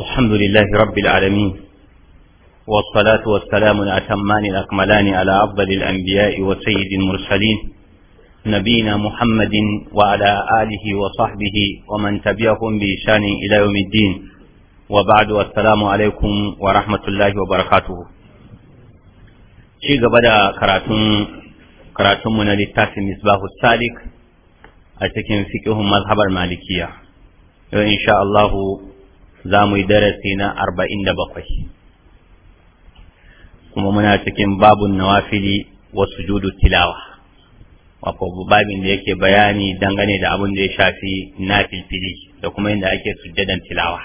الحمد لله رب العالمين والصلاة والسلام الأتمان الأكملان على أفضل الأنبياء وسيد المرسلين نبينا محمد وعلى آله وصحبه ومن تبعهم بإشان إلى يوم الدين وبعد والسلام عليكم ورحمة الله وبركاته شيء بدأ كراتون كراتون من للتاسع مصباح السالك أتكن فيكهم مذهب المالكية إن شاء الله za mu yi darasi na arba'in da bakwai kuma muna cikin babun nawafili wasu judu tilawa wako babin da yake bayani dangane da abin da ya shafi na filfili da kuma yadda ake sujjadan tilawa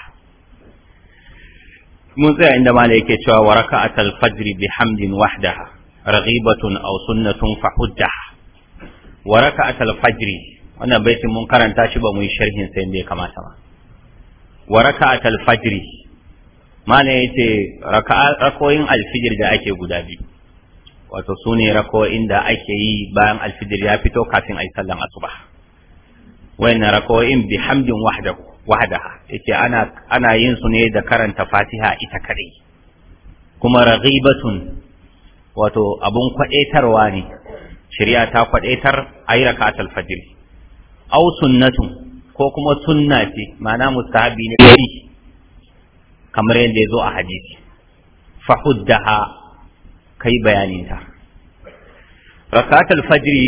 mun tsaya inda mala yake cewa wa raka'atul fajr hamdin wahdaha raghibatun aw sunnatun fahuddaha wa raka'atul fajr wannan baitin mun karanta shi ba mu yi sharhin sai inda ya kamata ba wa raka'at al-fajr mana yace rakoyin al-fajr da ake guda biyu wato sune rakoyin da ake yi bayan al-fajr ya fito kafin a sallan asuba wayannan rakoyin bi hamdin wahdahu wahdaha yace ana ana yin su ne da karanta Fatiha ita kadai kuma raghibatun wato abun kwadaitarwa ne shari'a ta kwadaitar ayi raka'at al-fajr aw sunnatun ko kuma sunna ce ma'ana mustahabi ne yi kamar yadda ya zo a hadisi fa huddaha kai bayanin ta rakatul fajri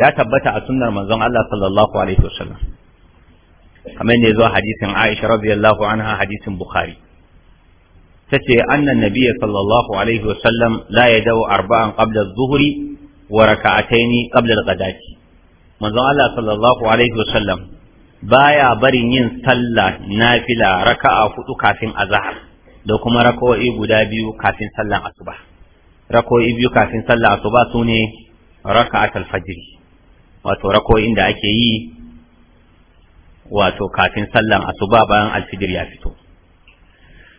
ya tabbata a sunnar manzon Allah sallallahu alaihi wasallam kamar yadda ya zo a hadisin Aisha radiyallahu anha hadisin Bukhari tace annan nabiyyi sallallahu alaihi wasallam la yadau arba'an qabla adh-dhuhri wa rak'atayn qabla al-ghadati manzon Allah sallallahu alaihi wasallam baya barin yin sallah nafila raka'a hudu kafin azhar da kuma raka'o'i guda biyu kafin sallan asuba raka'o'i biyu kafin sallan asuba sune raka'atul fajr wato raka'o'in da ake yi wato kafin sallan asuba bayan alfijir ya fito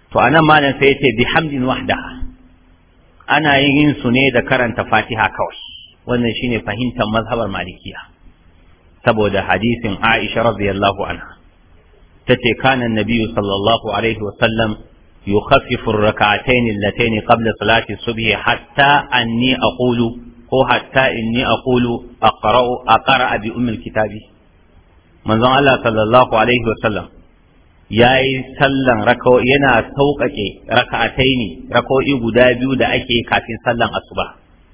to anan malam sai yace bihamdin wahda ana yin su ne da karanta fatiha kawai wannan shine fahimtar mazhabar malikiya saboda hadisin Aisha radiyallahu anha tace kana nabiyyu sallallahu alaihi wa sallam yukhaffifu ar-rak'atayn allatayn qabla salati subhi hatta anni aqulu ko hatta inni aqulu aqra'u aqra'a bi ummil kitabi manzon Allah sallallahu alaihi wa sallam yayi sallan raka'o yana sauƙaƙe ra'kataini, rak'o'i guda biyu da ake kafin sallan asuba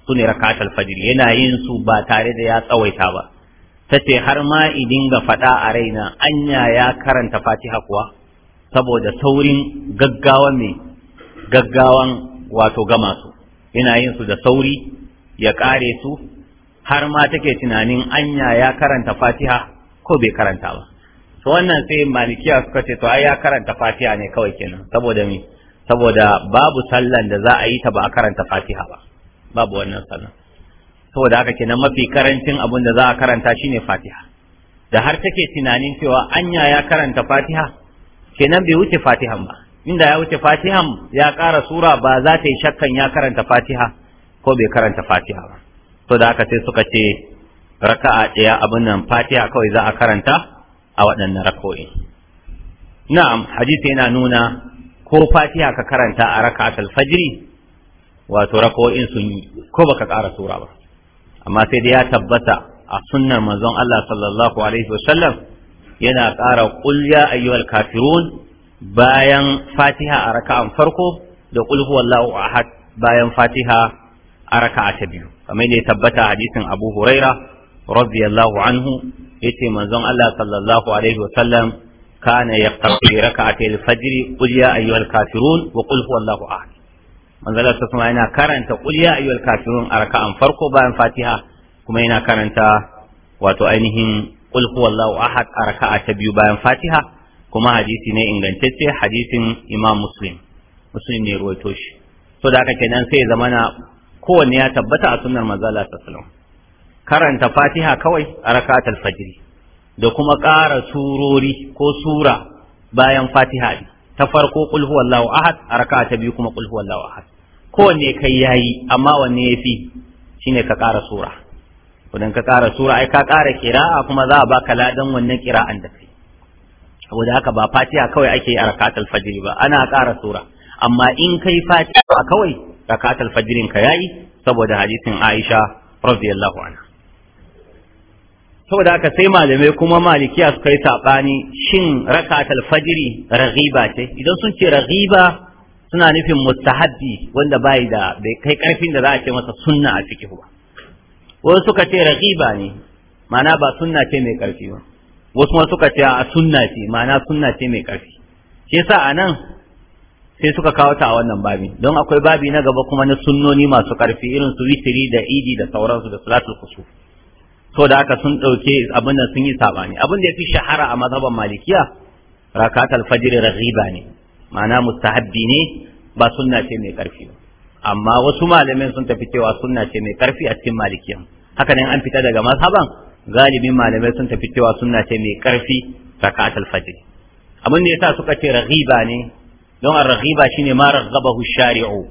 sune raka'atul fajr yana yin su ba tare da ya tsawaita ba ta ce har ma idin ga faɗa a raina anya ya karanta fatiha kuwa saboda saurin gaggawan mai gaggawan wato gama su ina yin su da sauri ya ƙare su har ma take tunanin anya ya karanta fatiha ko bai karanta ba to wannan sai malikiya suka ce to ai ya karanta fatiha ne kawai kenan saboda me saboda babu sallan da za a yi ta ba a karanta fatiha ba babu wannan sallan saboda haka kenan mafi karancin abin da za a karanta shine fatiha da har take tunanin cewa anya ya karanta fatiha kenan bai wuce fatihan ba inda ya wuce fatihan ya kara sura ba za ta yi shakkan ya karanta fatiha ko bai karanta fatiha ba to da haka sai suka ce raka'a ɗaya abin nan fatiha kawai za a karanta a waɗannan rako'i na'am hadisi yana nuna ko fatiha ka karanta a raka'atul fajri wato rako'in sun yi ko baka ƙara sura ba amma sai da ya tabbata a sunnar manzon Allah sallallahu alaihi wasallam yana ƙara qul ya ayyuhal kafirun bayan Fatiha a raka'an farko da qul huwallahu ahad bayan Fatiha a raka'a ta biyu kamar da ya tabbata hadisin Abu Huraira radiyallahu anhu yace manzon Allah sallallahu alaihi wasallam kana yaqtari raka'atil fajr qul ya ayyuhal kafirun wa qul huwallahu ahad manzala ta kuma yana karanta qul ya ayyuhal kafirun a raka'an farko bayan fatiha kuma yana karanta wato ainihin qul huwallahu ahad a raka'a ta biyu bayan fatiha kuma hadisi ne ingantacce hadisin imam muslim muslim ne ruwaito shi so da haka kenan sai zamana kowanne ya tabbata a sunnar manzala ta sallallahu karanta fatiha kawai a rakatul fajri da kuma ƙara surori ko sura bayan fatiha ta farko qul huwallahu ahad a raka'a ta biyu kuma qul huwallahu ahad kowanne kai ya yi, amma wanne ya fi shi ne ka ƙara sura idan ka ƙara sura ai ka ƙara kira'a kuma za a baka ladan wannan kira'an da kai saboda haka ba fatiha kawai ake yi a rakatul fajr ba ana ƙara sura amma in kai fatiha kawai rakatul fajrin ka yayi saboda hadisin Aisha radiyallahu anha saboda haka sai malamai kuma malikiya suka yi saɓani shin rakatul fajiri raghiba ce idan sun ce raghiba suna nufin mustahabbi wanda bai da bai kai karfin da za a ce masa sunna a cikin ba wasu suka ce raqiba ne ma'ana ba sunna ce mai karfi ba wasu ma suka ce a sunna ce ma'ana sunna ce mai karfi shi yasa anan sai suka kawo ta a wannan babi don akwai babi na gaba kuma na sunnoni masu karfi irin su witiri da idi da sauransu da salatul kusu to da aka sun dauke abin da sun yi sabani abin da yafi shahara a mazhaban malikiya rakatul fajr raqiba ne ma'ana mustahabbi ne ba sunna ce mai karfi ba amma wasu malamin sun tafi cewa sunna ce mai karfi a cikin malikiyan haka nin an fita daga mazhaban galibin malamai sun tafi cewa sunna ce mai karfi rakat al-fajr abin da yasa suka ce raghiba ne don ar-raghiba shine ma raghabahu shari'u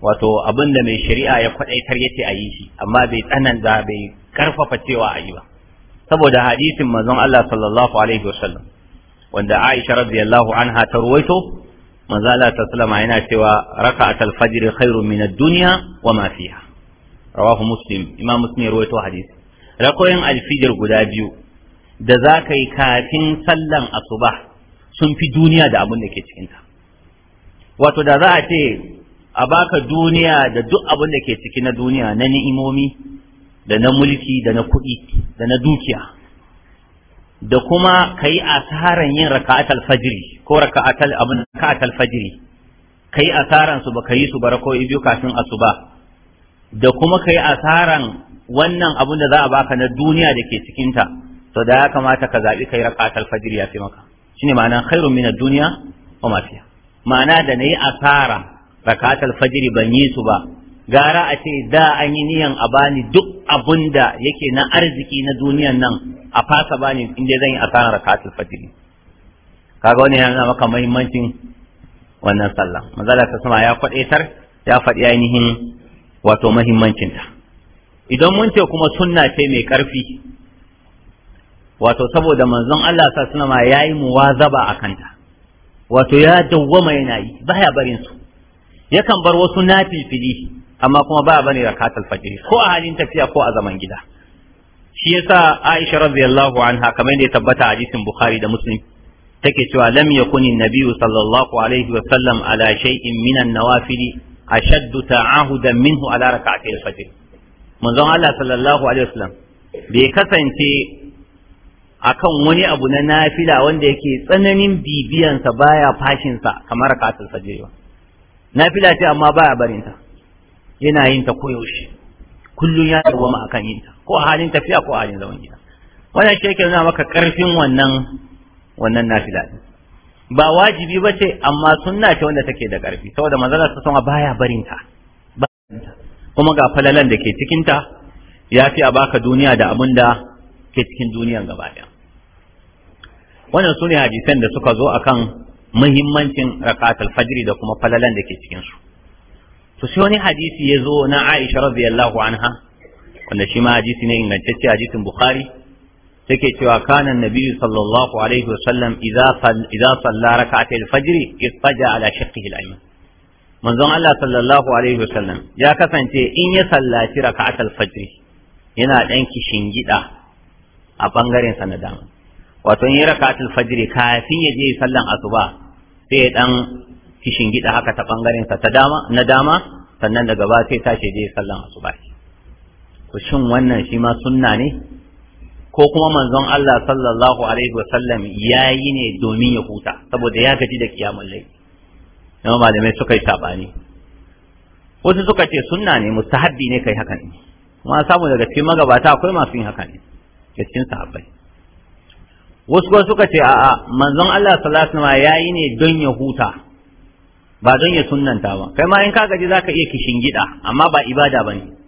wato abin da mai shari'a ya kwadaitar yace a yi shi amma bai tsananta bai karfafa cewa a yi ba saboda hadisin manzon Allah sallallahu alaihi wasallam wanda Aisha radiyallahu anha ta ruwaito manzo Allah ta sallama yana cewa raka'atul fajr khairun min ad-dunya wa ma fiha rawahu muslim imam muslim rawaito hadith rakoyin alfijir guda biyu da za ka yi kafin sallan asuba sun fi duniya da abin da ke cikinta wato da za a ce a baka duniya da duk abin da ke ciki na duniya na ni'imomi da na mulki da na kuɗi da na dukiya da kuma ka yi asaran yin raka'atul fajiri ko raka'atul abin raka'atul ka yi asaran su baka yi su ba ko biyu kafin asuba da kuma ka yi asaran wannan abin da za a baka na duniya da ke cikin ta to da ya kamata ka zabi kai raka'atul fajiri ya fi maka shine ma'ana khairun min ad-dunya wa ma fiha ma'ana da nayi asara raka'atul fajiri ban yi su ba gara a ce da an yi niyan a bani duk abunda yake na arziki na duniyan nan a fasa bani in dai zan yi asaran rakatul fajiri, kaga wannan yana maka muhimmancin wannan sallah manzala ta sama ya kwadaitar ya faɗi ainihin wato muhimmancin idan mun ce kuma sunna ce mai karfi wato saboda manzon Allah sa sunama yayi muwazaba akan ta wato ya dawwama yana yi ya barin su yakan bar wasu fili amma kuma ba bane rakatul fajiri ko a halin tafiya ko a zaman gida shi yasa Aisha radiyallahu anha kamar da ya tabbata a jikin Bukhari da Muslim take cewa lam yakuni nabiyyu sallallahu alaihi wa sallam ala shay'in min an-nawafil ashaddu ta'ahudan minhu ala rak'atay al-fajr manzon Allah sallallahu alaihi wa sallam bai kasance akan wani abu na nafila wanda yake tsananin bibiyansa baya fashinsa kamar rak'atul fajr ba nafila ce amma baya barinta yana yin ta koyaushe kullum ya dawama akan yin ta ko a halin tafiya ko a halin zaman gida wannan shi yake nuna maka karfin wannan wannan nafila ba wajibi ba ce amma sunna ce wanda take da karfi saboda manzala ta sama baya barin ta kuma ga falalan da ke cikin ta ya fi a baka duniya da abin da ke cikin duniyan gaba daya wannan sune hadisan da suka zo akan muhimmancin rakatul fajri da kuma falalan da ke cikin su to sai wani hadisi ya zo na Aisha radiyallahu anha wanda shi ma hadisi ne ingantacce hadisin bukhari take cewa kana nabiyyu sallallahu alaihi wasallam idza idza salla rak'ata al-fajr istaja ala shaqqihi al-ayman manzon Allah sallallahu alaihi wa sallam ya kasance in ya sallaci rak'at al-fajr yana dan kishingida a bangaren sa na dama wato in ya rak'at al-fajr kafin ya je sallan asuba sai dan kishingida haka ta bangaren sa ta dama na dama sannan daga ba sai tashi je sallan asuba to shin wannan shi ma sunna ne ko kuma manzon Allah sallallahu alaihi wa sallam yayi ne domin ya huta saboda ya gaji da kiyamul layl amma malamai suka yi sabani wasu suka ce sunna ne mustahabbi ne kai haka ne kuma samu daga cikin magabata akwai masu yin haka ne da cikin sahabbai wasu kuma suka ce a'a manzon Allah sallallahu alaihi sallam yayi ne don ya huta ba don ya sunnanta ba kai ma in ka gaji zaka iya kishin gida amma ba ibada bane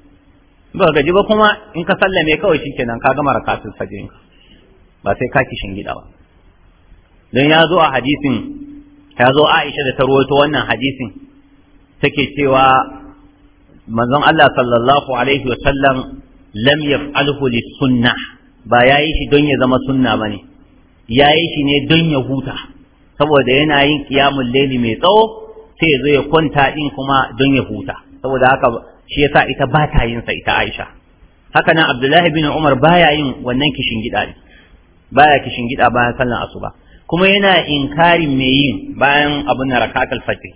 ba gaji ba kuma in ka sallame kawai shikenan ka gama rakatun fajrin ba sai ka kishin gida ba don ya zo a hadisin ya zo Aisha da ta rawaito wannan hadisin take cewa manzon Allah sallallahu alaihi wa sallam lam yaf'alhu lisunnah ba yayi shi don ya zama sunna bane yayi shi ne don ya huta saboda yana yin qiyamul layli mai tsawo sai ya zo ya kwanta din kuma don ya huta saboda haka shi yasa ita ba ta yin sa ita Aisha haka nan Abdullahi bin Umar baya yin wannan kishin gida ne baya kishin gida bayan sallan asuba kuma yana inkarin me yin bayan abun na rakatul fajr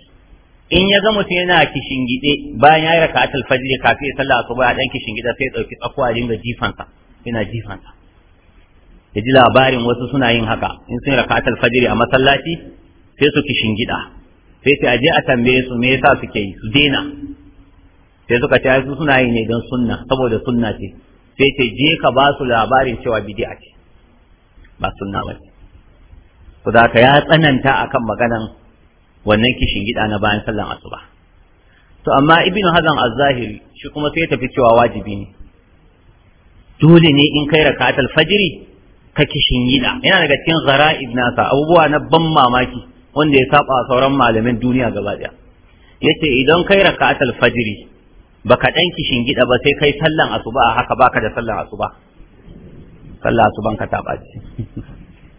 in ya ga mutum yana kishin gide bayan ya rakatul fajr kafin ya sallah asuba a dan kishin gida sai ya dauki tsakuwa dinga jifansa yana jifansa ya ji labarin wasu suna yin haka in sun rakatul fajr a masallaci sai su kishin gida sai sai aje a tambaye su me yasa suke yi su daina sai suka ce su suna yi ne don sunna saboda sunna ce sai ce je ka ba su labarin cewa bidi'a ce ba sunna ba ce ka ya tsananta akan maganan wannan kishin gida na bayan sallan asuba to amma ibnu hazan a zahiri shi kuma sai tafi cewa wajibi ne dole ne in kai rakatul fajiri ka kishin gida yana daga cikin ghara'ib nasa abubuwa na ban mamaki wanda ya saba sauran malamin duniya gaba daya yace idan kai rakatul fajiri baka dan kishin gida ba sai kai sallan asuba a haka baka da sallan asuba sallan asuban ka ta ce.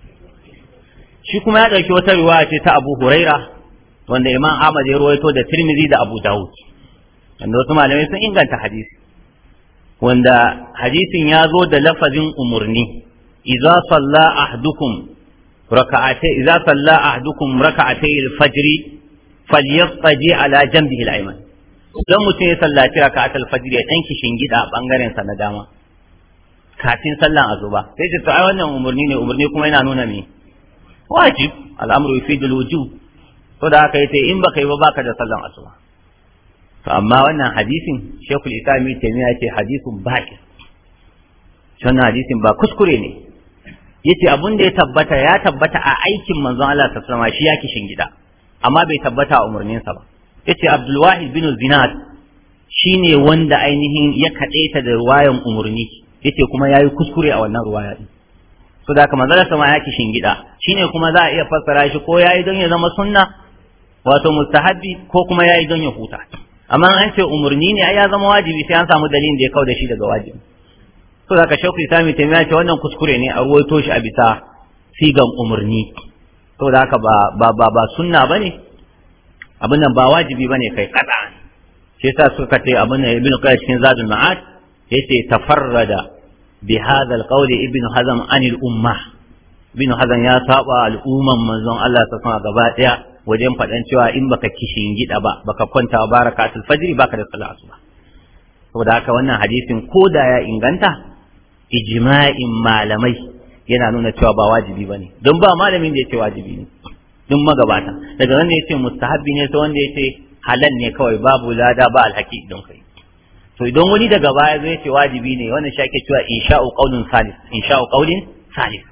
shi kuma ya dauki wata riwaya ce ta Abu Huraira wanda Imam Ahmad ya ruwaito da Tirmidhi da Abu Dawud wanda wasu malamai sun inganta hadisi wanda hadisin ya zo da lafazin umurni idza salla ahdukum raka'atay idza salla ahdukum raka'atay al-fajr falyattaji ala janbihi al-ayman idan mutum ya sallaci raka'at al-fajr ya danki shingida bangaren sa na dama kafin sallan azuba sai ce to ai wannan umurni ne umurni kuma yana nuna me wajib al'amru fi yufidu wujub to da haka yace in baka yi ba baka da sallan azuba to amma wannan hadisin shekul islam ibn taymiya yace hadisin baki wannan hadisin ba kuskure ne yace abun da ya tabbata ya tabbata a aikin manzon Allah sallallahu alaihi wasallam shi yake shingida amma bai tabbata a sa ba yace Abdul Wahid bin Zinad shine wanda ainihin ya kadaita da ruwayan umurni yace kuma yayi kuskure a wannan ruwaya din so da kamar zalla sama yake kishin gida shine kuma za a iya fassara shi ko yayi don ya zama sunna wato Mustahabi ko kuma yayi don ya huta amma an ce umurni ne ai ya zama wajibi sai an samu dalilin da ya kauda shi daga wajibi so da ka shauki sami ta ce wannan kuskure ne a ruwaito shi a bisa sigan umurni to da haka ba ba ba sunna bane abin nan ba wajibi bane kai kada shi yasa suka ce abin nan ibnu qayyim cikin zadul ma'ad yace tafarrada bi hadha alqawli ibnu hazm an al-umma ibnu hazm ya saba al'umman manzon Allah ta sama gaba daya wajen faɗan cewa in baka kishin gida ba baka kwanta wa barakatul fajri baka da salatu asuba saboda haka wannan hadisin ko da ya inganta ijma'in malamai yana nuna cewa ba wajibi bane don ba malamin da yake wajibi ne duk magabata daga wanda ce mustahabbi ne sai wanda ce halal ne kawai babu lada ba alhaki don kai to idan wani daga baya zai ce wajibi ne wannan shi ake cewa insha'u qaulun salis insha'u qaulin salis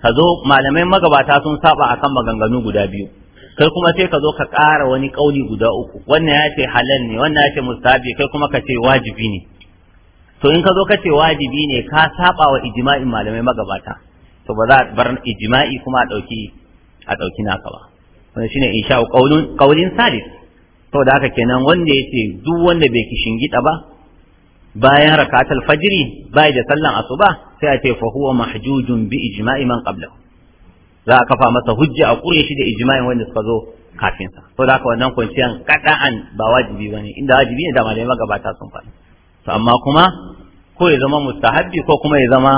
ka zo malamai magabata sun saba akan maganganu guda biyu kai kuma sai ka zo ka ƙara wani ƙauli guda uku wannan ya ce halal ne wannan ya ce mustahabi kai kuma ka ce wajibi ne to in ka zo ka ce wajibi ne ka saba wa ijma'in malamai magabata to ba za a bar ijma'i kuma a ɗauki a ɗauki naka ba wanda shine insha qaulun qaulin salis saboda haka kenan wanda yace duk wanda bai gida ba bayan rakatul fajri bai da sallan asuba sai a ce fa huwa mahjujun bi ijma'i man qablahu za a kafa masa hujja a kure shi da ijma'in wanda suka zo kafin sa saboda haka wannan kwanciyan kada'an ba wajibi bane inda wajibi ne da malamai magabata sun faɗi to amma kuma ko ya zama mustahabbi ko kuma ya zama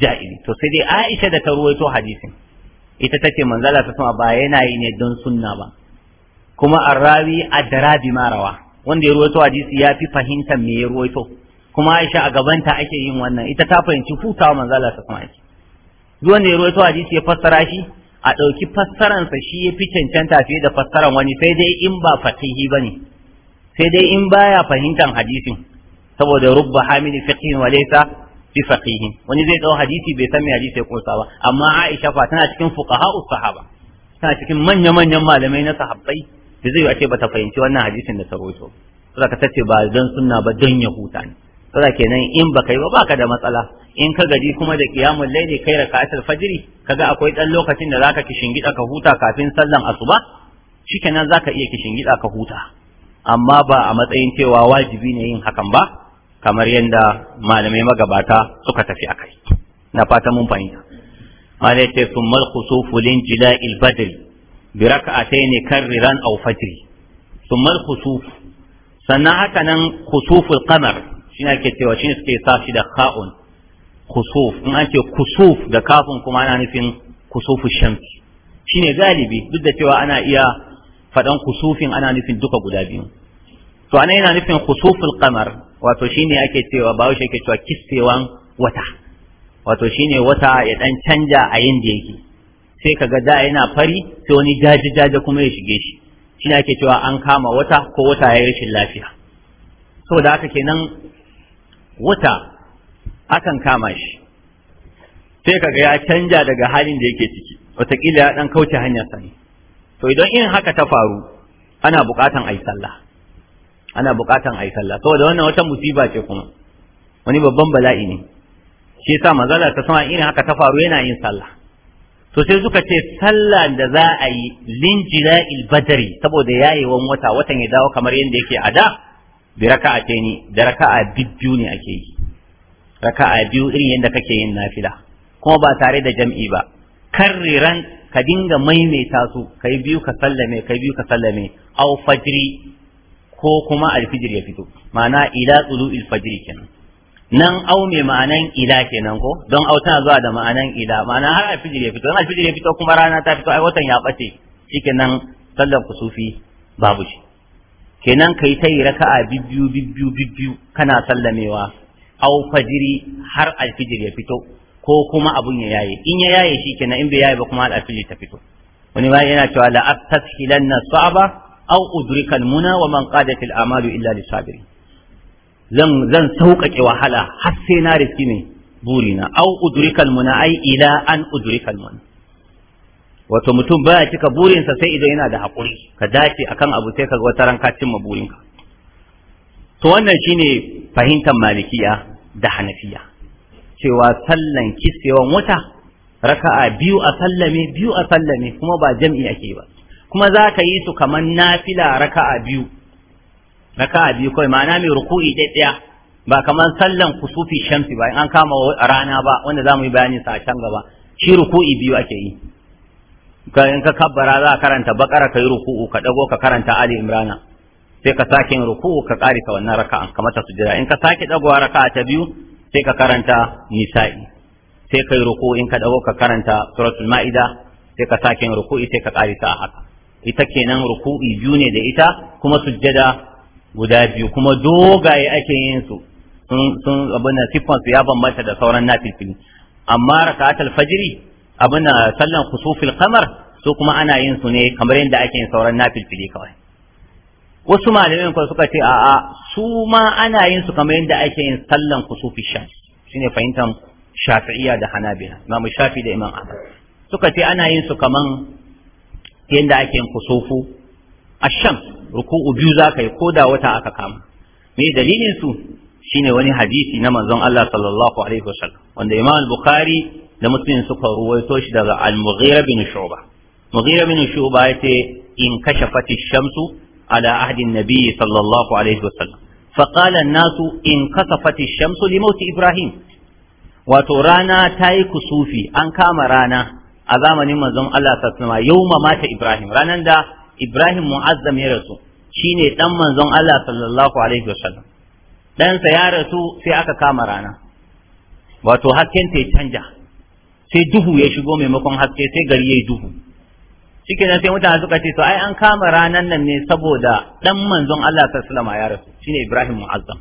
ja'ili to sai dai Aisha da ta ruwaito hadisin ita tace manzala ta sama ba yana yi ne don sunna ba kuma arrawi adrabi bi marawa wanda ya ruwaito hadisi ya fi fahimtar me ya ruwaito kuma Aisha a gabanta ake yin wannan ita ta fahimci hutawa manzala ta sama ake duk wanda ya ruwaito hadisi ya fassara shi a ɗauki sa shi ya fi cancanta fiye da fassaran wani sai dai in ba fatihi ba ne sai dai in baya fahimtar hadisin saboda rubba hamili fiqhin walaysa bi faqihin wani zai dau hadisi bai san me hadisi ya kunsa ba amma Aisha fa tana cikin fuqaha sahaba tana cikin manya manyan malamai na sahabbai da zai ce ta fahimci wannan hadisin da ta rawaito saboda ka tace ba dan sunna ba dan yahuta ne saboda kenan in baka yi ba baka da matsala in ka gaji kuma da qiyamul layli kai raka'atul fajri kaga akwai dan lokacin da zaka kishingida ka huta kafin sallan asuba shikenan zaka iya kishingida ka huta amma ba a matsayin cewa wajibi ne yin hakan ba kamar yadda malamai magabata suka tafi kai na fata mun fahimta malai ce sun malkusu fulin jila ilbadri bi raka'atai ne karriran au fajri sun malkusu sannan haka nan kusuful kamar shi ake cewa shi suke sa shi da ka'un kusuf in an ce kusuf da kafin kuma ana nufin kusufu shamsi shine galibi duk da cewa ana iya faɗan kusufin ana nufin duka guda biyu to ana yana nufin kusuful kamar. wato shine ake cewa bawo shi yake cewa kissewan wata wato shine wata ya dan canja a yin da yake sai kaga da yana fari sai wani jaji jaji kuma ya shige shi shine ake cewa an kama wata ko wata ya rashin lafiya saboda haka kenan wata akan kama shi sai kaga ya canja daga halin da yake ciki wataƙila ya ɗan kauce hanyar sani to idan irin haka ta faru ana buƙatan ayi sallah ana bukatan ayi sallah saboda wannan wata musiba ce kuma wani babban bala'i ne shi yasa manzala ta sama irin haka ta faru yana yin sallah to sai suka ce sallah da za a yi linjila'il badari saboda yayewan wata watan ya dawo kamar yadda yake a da bi raka'a ce ni da raka'a biyu ne ake yi raka'a biyu irin yadda kake yin nafila kuma ba tare da jam'i ba karriran ka dinga maimaita su kai biyu ka sallame kai biyu ka sallame au fajri ko kuma alfijir ya fito ma'ana ila tsulu ilfajir kenan nan au mai ma'anan ila kenan ko don au tana zuwa da ma'anan ila ma'ana har alfijir ya fito don alfijir ya fito kuma rana ta fito ai watan ya bace nan sallar kusufi babu shi kenan kai ta yi raka'a bibbiyu bibbiyu bibbiyu kana sallamewa au fajiri har alfijir ya fito ko kuma abun ya yaye in ya yaye shikenan in bai yaye ba kuma alfijir ta fito wani ma yana cewa la aftasilanna sa'aba aw udrikal muna wa man qadat al amalu illa lisabiri zan zan sauƙaƙe wahala har sai na riski ne burina aw udrikal muna ai ila an udrikal muna wato mutum baya cika burinsa sai idan yana da haƙuri ka dace akan abu sai ka wata ran ka cimma burinka to wannan shine fahimtar malikiya da hanafiya cewa sallan kisewan wata raka'a biyu a sallame biyu a sallame kuma ba jam'i ake ba kuma za ka yi su kamar nafila raka'a biyu raka'a biyu kawai ma'ana mai ruku'i ɗaya ba kamar sallan kusufi shamsi ba an kama rana ba wanda za mu yi bayanin sa a can gaba shi ruku'i biyu ake yi in ka kabbara za ka karanta bakara ka yi ruku'u ka dago ka karanta ali imrana sai ka sake yin ruku'u ka ka wannan raka'a kamar ta sujjada in ka sake dagowa raka'a ta biyu sai ka karanta nisa'i sai ka yi ruku'u in ka dago ka karanta suratul ma'ida sai ka sake yin ruku'i sai ka ta a haka ita kenan ruku'i biyu ne da ita kuma sujjada guda biyu kuma dogaye ake yin su sun sun abin siffan su ya bambanta da sauran nafilfili amma raka'atul fajri abin sallan khusufil qamar su kuma ana yin su ne kamar yadda ake yin sauran nafilfili kawai wasu malamin kuma suka ce a'a su ma ana yin su kamar yadda ake yin sallan khusufil shams shine fahimtar shafi'iyya da hanabila imam shafi da imam ahmad suka ce ana yin su kaman yadda ake yin kusufu shan ruku'u biyu za ka yi ko da wata aka kama me dalilin su shine wani hadisi na manzon Allah sallallahu alaihi wasallam wanda Imam al-Bukhari da Muslim suka ruwaito shi daga Al-Mughira bin Shu'ba Mughira bin Shu'ba yace in kashe ash-shamsu ala ahdi an-nabi sallallahu alaihi wasallam فقال الناس in كسفت الشمس لموت Ibrahim. wato rana ta yi kusufi an kama rana a zamanin manzon Allah sallallahu alaihi mata Ibrahim ranan da Ibrahim mu'azzam ya rasu shine dan manzon Allah sallallahu alaihi wasallam dan ya rasu sai aka kama rana wato hasken ta canja sai duhu ya shigo maimakon haske sai gari yi duhu shike sai mutane suka ce to ai an kama ranan nan ne saboda dan manzon Allah sallallahu ya rasu shine Ibrahim mu'azzam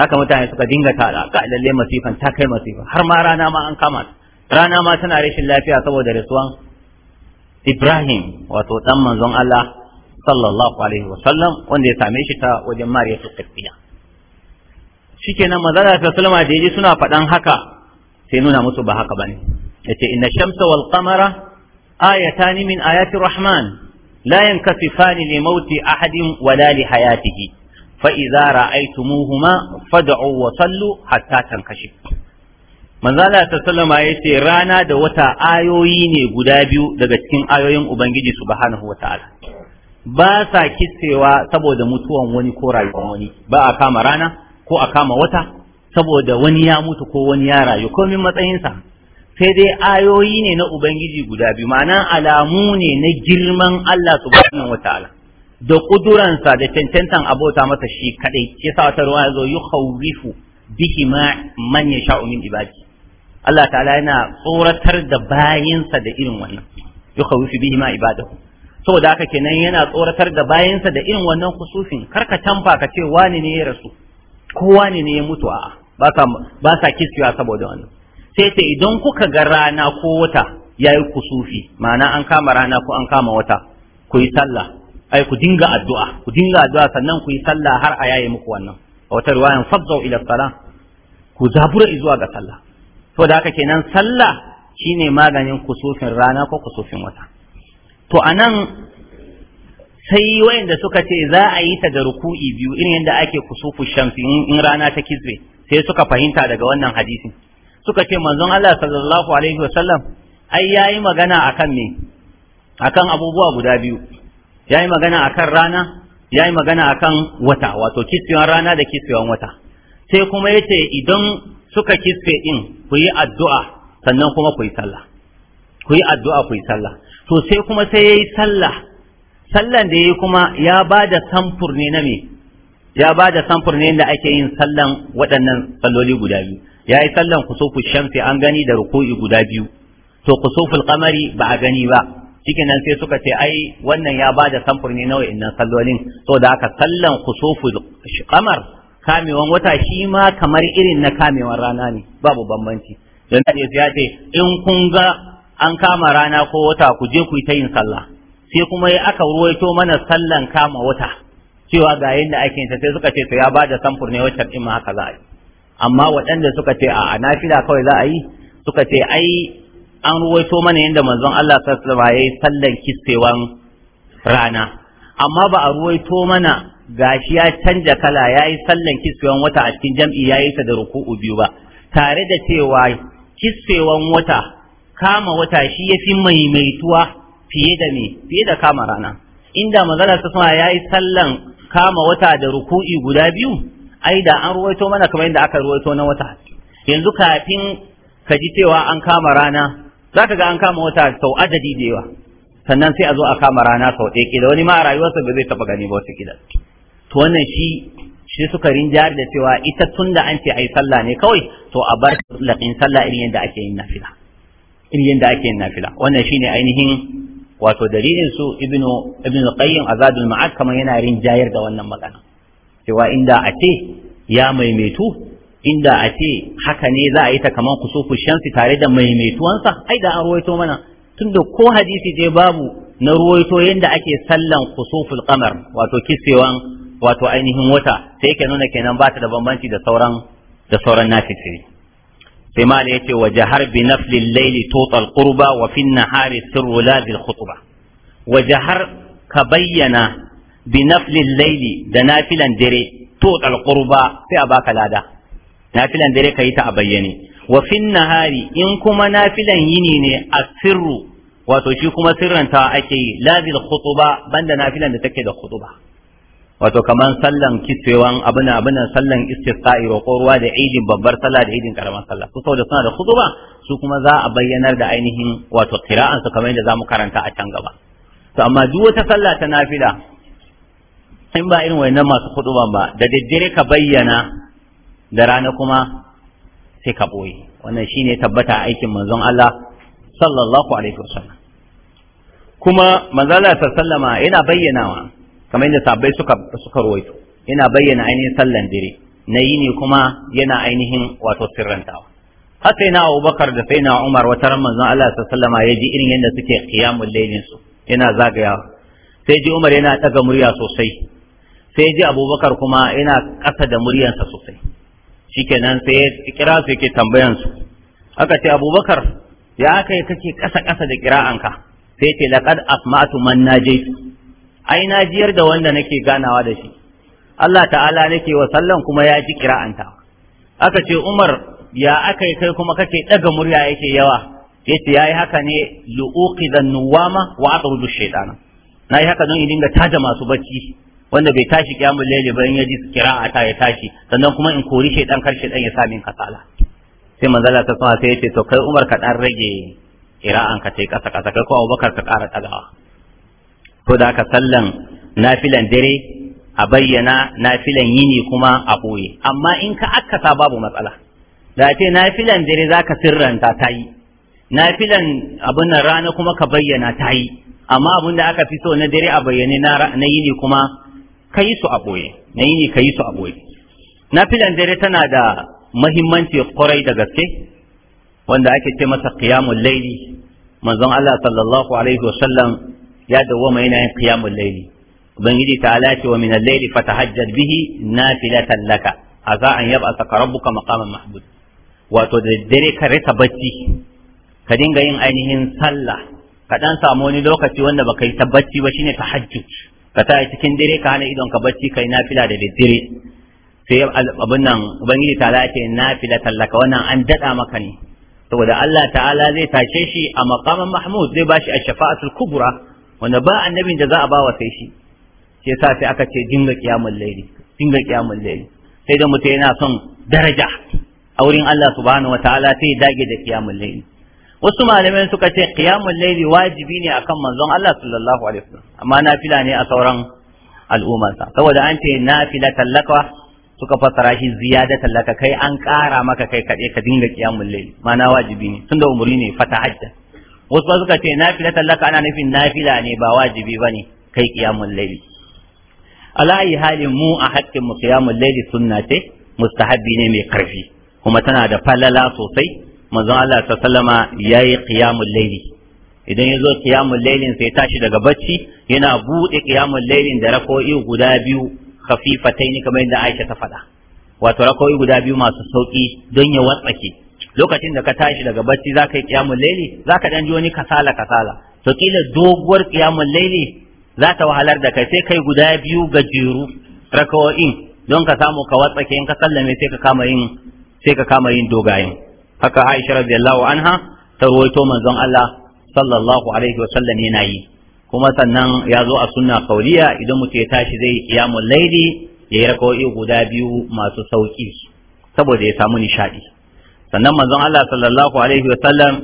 haka mutane suka dinga tara ka lalle masifan ta kai masifan har ma rana ma an kama rana ma tana rashin lafiya saboda rasuwan Ibrahim wato dan manzon Allah sallallahu alaihi sallam, wanda ya same shi ta wajen Mariya su tafiya shikenan manzon Allah sallama da yaji suna faɗan haka sai nuna musu ba haka bane yace inna shamsa wal qamara ayatani min ayati rahman la yankasifani li mauti ahadin wala li hayatihi fa idza ra'aytumuhuma fad'u wa sallu hatta manzala ta sallama ya ce rana da wata ayoyi ne guda biyu daga cikin ayoyin ubangiji subhanahu wataala ba sa kitsewa saboda mutuwan wani ko rayuwar wani ba a kama rana ko a kama wata saboda wani ya mutu ko wani ya rayu komin matsayinsa sai dai ayoyi ne na ubangiji guda biyu ma'ana alamu ne na girman Allah subhanahu wataala da kuduransa da cancantan abota masa shi kadai yasa wata ruwa ya zo yukhawwifu bihi ma man yasha'u min ibadi Allah ta'ala yana tsoratar da bayinsa da irin wannan wufi bihi ma ibadahu saboda haka kenan yana tsoratar da bayinsa da irin wannan kusufin karka tamfa ka ce wani ne ya rasu ko wani ne ya mutu a ba sa ba kishiya saboda wannan sai ta idan kuka ga rana ko wata yayi kusufi ma'ana an kama rana ko an kama wata ku yi sallah ai ku dinga addu'a ku dinga addu'a sannan ku yi sallah har a yayi muku wannan a wata riwayan fadzau ila salah ku zabura zuwa ga sallah to da haka kenan sallah shine maganin kusufin rana ko kusufin wata to anan sai wayanda suka ce za a yi ta da ruku'i biyu irin yadda ake kusufu shamsi in rana ta kizbe sai suka fahimta daga wannan hadisi. suka ce manzon Allah sallallahu alaihi wasallam ai yayi magana akan me akan abubuwa guda biyu yayi magana akan rana yayi magana akan wata wato kisbewan rana da kisbewan wata sai kuma yace idan suka kitse in ku yi addu'a sannan kuma ku yi sallah ku yi addu'a ku yi sallah to sai kuma sai yayi sallah sallan da yayi kuma ya bada samfur ne na me ya da samfur ne da ake yin sallan waɗannan salloli guda biyu yi sallan kusufu shamsi an gani da ruku'i guda biyu to kusuful kamari ba a gani ba cikin nan sai suka ce ai wannan ya ba da samfur ne na wa'annan sallolin to da aka sallan khusuful qamar kamewan wata shi ma kamar irin na kamewan rana ne babu bambanci don ta ya ce in kun ga an kama rana ko wata ku je ku yi ta yin sallah sai kuma ya aka ruwaito mana sallan kama wata cewa ga yadda ake yin sai suka ce to ya bada samfur ne wacce in ma haka za a yi amma waɗanda suka ce a shida kawai za a yi suka ce ai an ruwaito mana yadda manzon Allah sallallahu alaihi wasallam yayi sallan kissewan rana amma ba a ruwaito mana gashi ya canja kala ya yi sallan kiswewan wata a cikin jam'i ya yi ta da ruku'u biyu ba tare da cewa kiswewan wata kama wata shi ya fi maimaituwa fiye da me fiye da kama rana inda magana ta sama ya yi sallan kama wata da ruku'i guda biyu ai da an ruwaito mana kamar yadda aka ruwaito na wata yanzu kafin ka ji cewa an kama rana za ka ga an kama wata sau adadi da yawa sannan sai a zo a kama rana sau ɗaya kila wani ma a rayuwarsa ba zai taɓa gani ba wata kila to wannan shi shi suka rinjar da cewa ita tunda an ce ai sallah ne kawai to a bar lafin sallah irin yadda ake yin nafila irin yadda ake yin nafila wannan shine ainihin wato dalilin su ibnu ibnu qayyim azadul ma'ad kamar yana rinjayar da wannan magana cewa inda a ce ya maimaitu inda a ce haka ne za a yi ta kamar kusufu shamsi tare da maimaituwansa ai da an ruwaito mana da ko hadisi je babu na ruwaito yadda ake sallan kusuful kamar wato kisewan wato ainihin wata sai yake nuna kenan ba ta da bambanci da sauran da sauran nafilfili sai ma da yace wa jahar bi naflil layli tutal qurba wa fin nahari sirru la bil khutba wa jahar ka bayyana bi naflil layli da nafilan dare tutal qurba sai a baka lada nafilan dare kai ta a bayyane wa fin nahari in kuma nafilan yini ne a sirru wato shi kuma sirranta ake yi la bil khutba banda nafilan da take da khutba wato kaman sallan kitsewan abuna abuna sallan istisqa'i roƙo ruwa da idin babbar sallah da idin karamar sallah su saboda suna da khutuba su kuma za a bayyanar da ainihin wato qira'an su kamar yadda zamu karanta a can gaba to amma duk wata sallah ta nafila in ba irin wayannan masu khutuba ba da daddare ka bayyana da rana kuma sai ka boye wannan shine tabbata aikin manzon Allah sallallahu alaihi wasallam kuma manzala sallama yana bayyanawa kamar yadda sabbai suka suka rawaito yana bayyana ainihin sallan dire. na ne kuma yana ainihin wato sirrantawa har sai na Abubakar da sai na Umar wata ran manzon Allah sallallahu alaihi ya ji irin yadda suke qiyamul laylin su yana zagayawa sai ji Umar yana daga murya sosai sai ji Abubakar kuma yana kasa da muryansa sosai shikenan sai ya kira su yake tambayan su aka ce Abubakar ya aka yi kake kasa-kasa da kira'anka sai ce laqad asma'tu man najaytu ai na jiyar da wanda nake ganawa da shi Allah ta'ala nake wa sallan kuma ya ji kira'anta aka ce Umar ya aka yi kai kuma kake daga murya yake yawa yace yayi haka ne lu'uqidan nuwama wa aqrudu shaytana nayi haka don in dinga taja masu bacci wanda bai tashi kiyamul layli ba in ya ji ta ya tashi sannan kuma in kori shaytan karshe dan ya sami kasala sai manzala ta sa sai yace to kai Umar ka dan rage kira'an ka sai kasa kasa kai ko Abubakar ka kara tagawa to da aka sallan nafilan dare a bayyana nafilan yini kuma a ɓoye amma in ka akkasa babu matsala da ce nafilan dare za ka sirranta ta yi nafilan abin nan rana kuma ka bayyana ta yi amma abin da aka fi so na dare a bayyane na yini kuma ka yi su a ɓoye na yini ka yi su a ɓoye nafilan dare tana da mahimmanci kwarai da gaske wanda ake ce masa qiyamul laili manzon Allah sallallahu alaihi wasallam ya dawwama yana yin qiyamul layli ubangiji ta ce wa min al-layli fatahajjad bihi nafilatan laka aza an ka rabbuka maqaman mahmud wato da dare ka rasa bacci ka dinga yin ainihin sallah ka dan samu wani lokaci wanda baka yi tabbaci ba shine tahajjud ka ta cikin dare ka hana idon ka bacci kai nafila da daddare sai abin nan ubangiji ta'ala ce nafila tallaka wannan an dada maka ne saboda Allah ta'ala zai tashe shi a maqaman mahmud zai bashi a shafa'atul kubra wanda ba annabin da za a bawa sai shi sai sa sai aka ce dinga kiyamul laili dinga kiyamul laili sai da mutum yana son daraja a wurin Allah subhanahu wataala sai ya dage da kiyamul laili wasu malamai suka ce kiyamul laili wajibi ne akan manzon Allah sallallahu alaihi wasallam amma nafila ne a sauran al'ummarsa saboda an ce nafila tallaka suka fassara shi ziyada tallaka kai an ƙara maka kai kaɗai ka dinga kiyamul laili ma'ana wajibi ne tunda umurni ne fata hajja wasu suka ce nafila tallaka ana nufin na nafila ne ba wajibi ba ne kai laili. layli ala halin mu a haƙƙin mu kiyamun laili, sunna ce mustahabbi ne mai karfi kuma tana da falala sosai manzon Allah ta sallama yi kiyamun laili, idan ya zo kiyamun lailin sai tashi daga bacci yana buɗe kiyamun lailin da rako'i guda biyu ni kamar yadda Aisha ta faɗa wato rako'i guda biyu masu sauƙi don ya watsake lokacin da ka tashi daga bacci za ka yi kiyamun laili za ka ɗan ji wani kasala kasala to kila doguwar ƙiyamun laili za ta wahalar da kai sai kai guda biyu gajeru rakawa'in don ka samu ka ke in ka sallame sai ka kama yin sai ka kama yin dogayen haka Aisha radiyallahu anha ta ruwaito manzon Allah sallallahu alaihi wa sallam yana yi kuma sannan ya zo a sunna kauliya idan mutum ya tashi zai yi kiyamun laili ya yi rakawa'i guda biyu masu sauƙi saboda ya samu nishaɗi sannan manzon Allah sallallahu alaihi wa sallam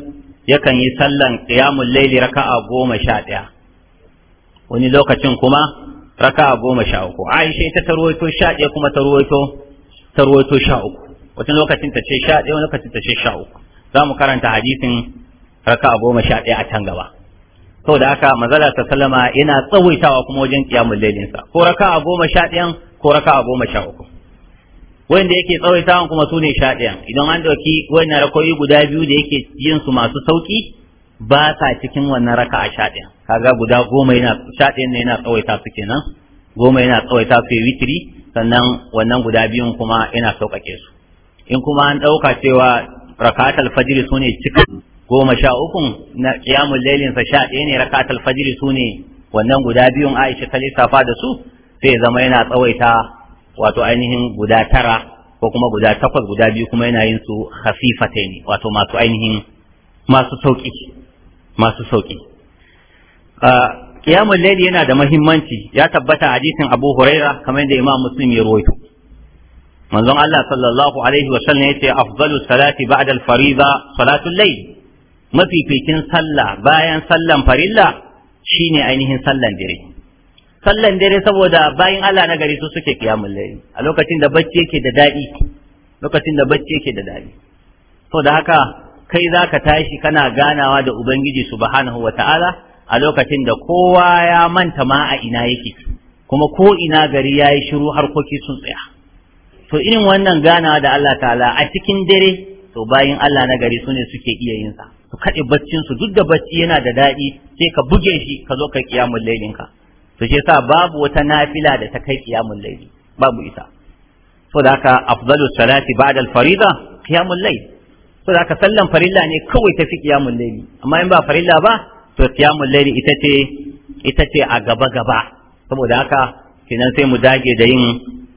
yakan yi sallan qiyamul layli raka'a goma sha ɗaya wani lokacin kuma raka'a goma sha uku Aisha ta ruwaito sha ɗaya kuma ta ruwaito sha uku wani lokacin ta ce sha ɗaya wani lokacin ta ce sha uku za mu karanta hadisin raka'a goma sha ɗaya a can gaba da haka manzala ta sallama yana tsawaitawa kuma wajen qiyamul lailinsa ko raka'a goma sha ɗayan ko raka'a goma sha uku wanda yake tsawaitawan kuma su ne sha ɗayan idan an ɗauki wannan rakoyi guda biyu da yake yin su masu sauƙi ba sa cikin wannan raka a sha ɗayan kaga guda goma yana sha ɗayan ne yana tsawaita su kenan goma yana tsawaita su witiri sannan wannan guda biyun kuma yana sauƙaƙe su in kuma an ɗauka cewa rakatul fajiri su ne cikin goma sha ukun na ƙiyamun sa sha ɗaya ne rakatul fajiri su ne wannan guda biyun Aisha ta lissafa da su sai zama yana tsawaita wato ainihin guda tara ko kuma guda takwas guda biyu kuma yana yin su khafifatai ne wato masu ainihin masu sauki masu sauki yana da mahimmanci ya tabbata hadisin Abu Huraira kamar da Imam Muslim ya ruwaito. manzon Allah sallallahu alaihi wa sallam yace afdalu salati ba'da al-fariida salatul layl mafificin sallah bayan sallan farilla shine ainihin sallan dare sallan dare saboda bayin Allah na gari su suke kiyamul layl a lokacin da bacci yake da dadi lokacin da bacci yake da dadi to da haka kai zaka tashi kana ganawa da ubangiji subhanahu ta'ala a lokacin da kowa ya manta ma a ina yake kuma ko ina gari yayi shiru harkoki sun tsaya to irin wannan ganawa da Allah ta'ala a cikin dare to bayin Allah na gari ne suke iya yin sa kade kaɗe su duk da bacci yana da daɗi sai ka buge shi ka zo ka kiyamun lailinka to shi yasa babu wata nafila da ta kai qiyamul layli babu ita da haka afdalu salati ba'da al-farida qiyamul layl da haka sallan farilla ne kawai tafi qiyamul layli amma in ba farilla ba to qiyamul layli ita ce ita ce a gaba gaba saboda haka kenan sai mu dage da yin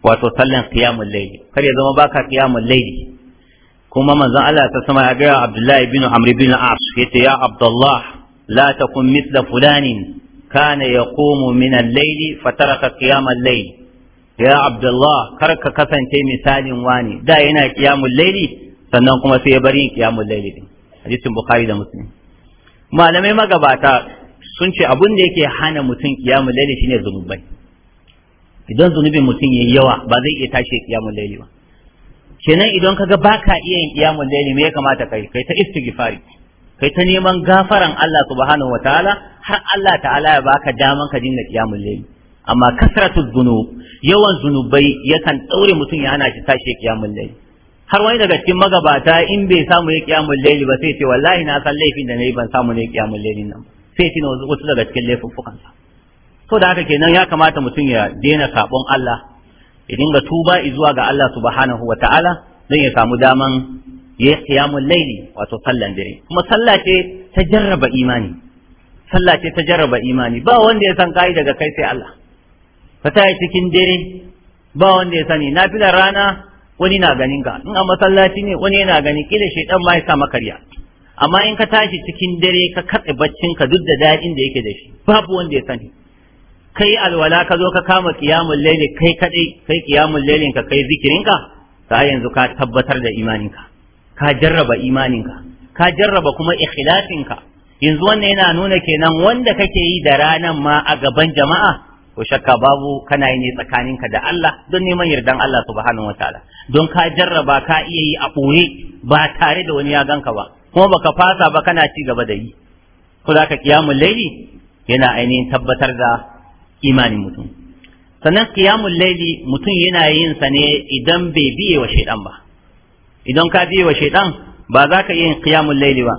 wato sallan qiyamul layli kar ya zama baka qiyamul layli kuma manzon Allah ta sama ya ga Abdullahi bin Amr bin As yace ya Abdullah la takun mithla fulanin كان يقوم من الليل فترك قيام الليل يا عبد الله كرك كفن تي مثال واني دا ينا قيام الليل sannan kuma sai ya bari qiyamul layli din hadisin bukhari da muslim malamai magabata sun ce abun da yake hana mutum qiyamul layli shine zunubai idan zunubin mutum yayi yawa ba zai iya tashi qiyamul layli ba kenan idan kaga baka iya yin qiyamul layli me ya kamata kai kai ta istighfari kai ta neman gafaran Allah subhanahu wataala har Allah ta'ala ya baka daman ka dinga kiyamul layli amma kasratu dhunub yawan zunubai yakan daure mutum ya hana shi tashi kiyamul layli har wani daga cikin magabata in bai samu ya kiyamul layli ba sai ce wallahi na san laifin da nayi ban samu ne kiyamul layli nan sai ce wasu daga cikin sa to da haka kenan ya kamata mutum ya daina sabon Allah ya dinga tuba zuwa ga Allah subhanahu wataala dan ya samu daman ya yi qiyamul laili wato sallan dare kuma sallah ce ta jarraba imani sallah ce ta jarraba imani ba wanda ya san kai daga kai sai Allah ka ya cikin dare ba wanda ya sani Na fi rana wani na ganin ka in a masallaci ne wani yana gani kila shaidan ma ya sa makarya amma in ka tashi cikin dare ka katse baccin ka duk da daɗin da yake da shi babu wanda ya sani kai alwala ka zo ka kama qiyamul layli kai kadai kai qiyamul laylin ka kai zikirin ka ta yanzu ka tabbatar da imaninka ka jarraba imaninka ka jarraba kuma ikhlasinka yanzu wannan yana nuna kenan wanda kake yi da ranan ma a gaban jama'a ko shakka babu kana yi ne tsakaninka da Allah don neman yardan Allah subhanahu wataala don ka jarraba ka iya yi a ɓoye ba tare da wani ya ganka ba kuma baka fasa ba kana ci gaba da yi ko za ka kiyamul laili yana ainihin tabbatar da imanin mutum sannan kiyamul laili mutum yana yin sa ne idan bai biye wa shaidan ba idan ka biye wa shaidan ba za ka yi qiyamul layli ba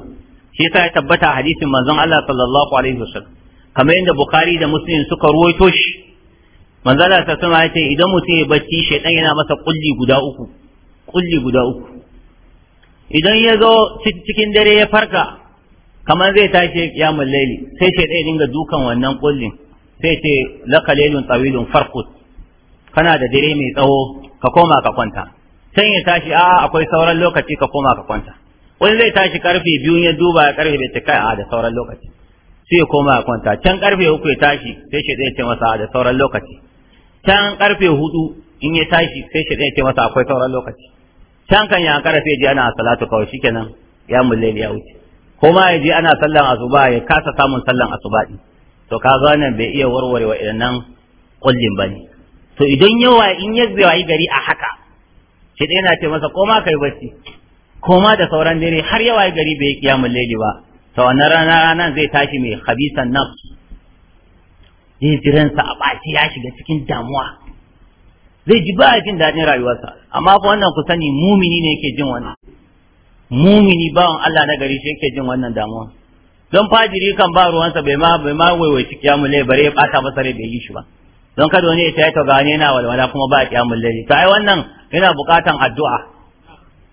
shi yasa ya tabbata hadisin manzon Allah sallallahu alaihi wasallam kamar yadda bukhari da muslim suka ruwaito shi manzon Allah sallallahu alaihi wasallam idan mutum ya bacci shaidan yana masa kulli guda uku kulli guda uku idan ya zo cikin dare ya farka kamar zai tashi qiyamul layli sai shaidan ya dinga dukan wannan kullin sai ce laka tsawilun farkut kana da dare mai tsawo ka koma ka kwanta sai ya tashi a akwai sauran lokaci ka koma ka kwanta wani zai tashi karfe biyu ya duba ya karfe bai kai a da sauran lokaci sai ya koma ya kwanta can karfe uku ya tashi sai shi zai ce masa a da sauran lokaci can karfe hudu in ya tashi sai shi zai ce masa akwai sauran lokaci can kan ya karfe ji ana salatu kawai shikenan ya mulle ya wuce kuma ya ji ana sallan asuba ya kasa samun sallan asuba din to ka ga nan bai iya warwarewa idan nan kullin bane to idan yawa in ya zai gari a haka shi ɗaya na ce masa koma kai bacci koma da sauran dare har yawa gari bai kiyamul leli ba to wannan rana ranan zai tashi mai khabisan nafs zai jiransa a ɓaci ya shiga cikin damuwa zai ji ba jin daɗin rayuwarsa amma ko wannan ku sani mumini ne yake jin wannan mumini bawan Allah na gari shi yake jin wannan damuwa don fajiri kan ba ruwansa bai ma bai ma waiwai shi kiyamul bare ya bata masa rai bai yi shi ba don kada wani ya yi to gane yana walwala kuma ba a kiyamul layli to ai wannan yana buƙatan addu'a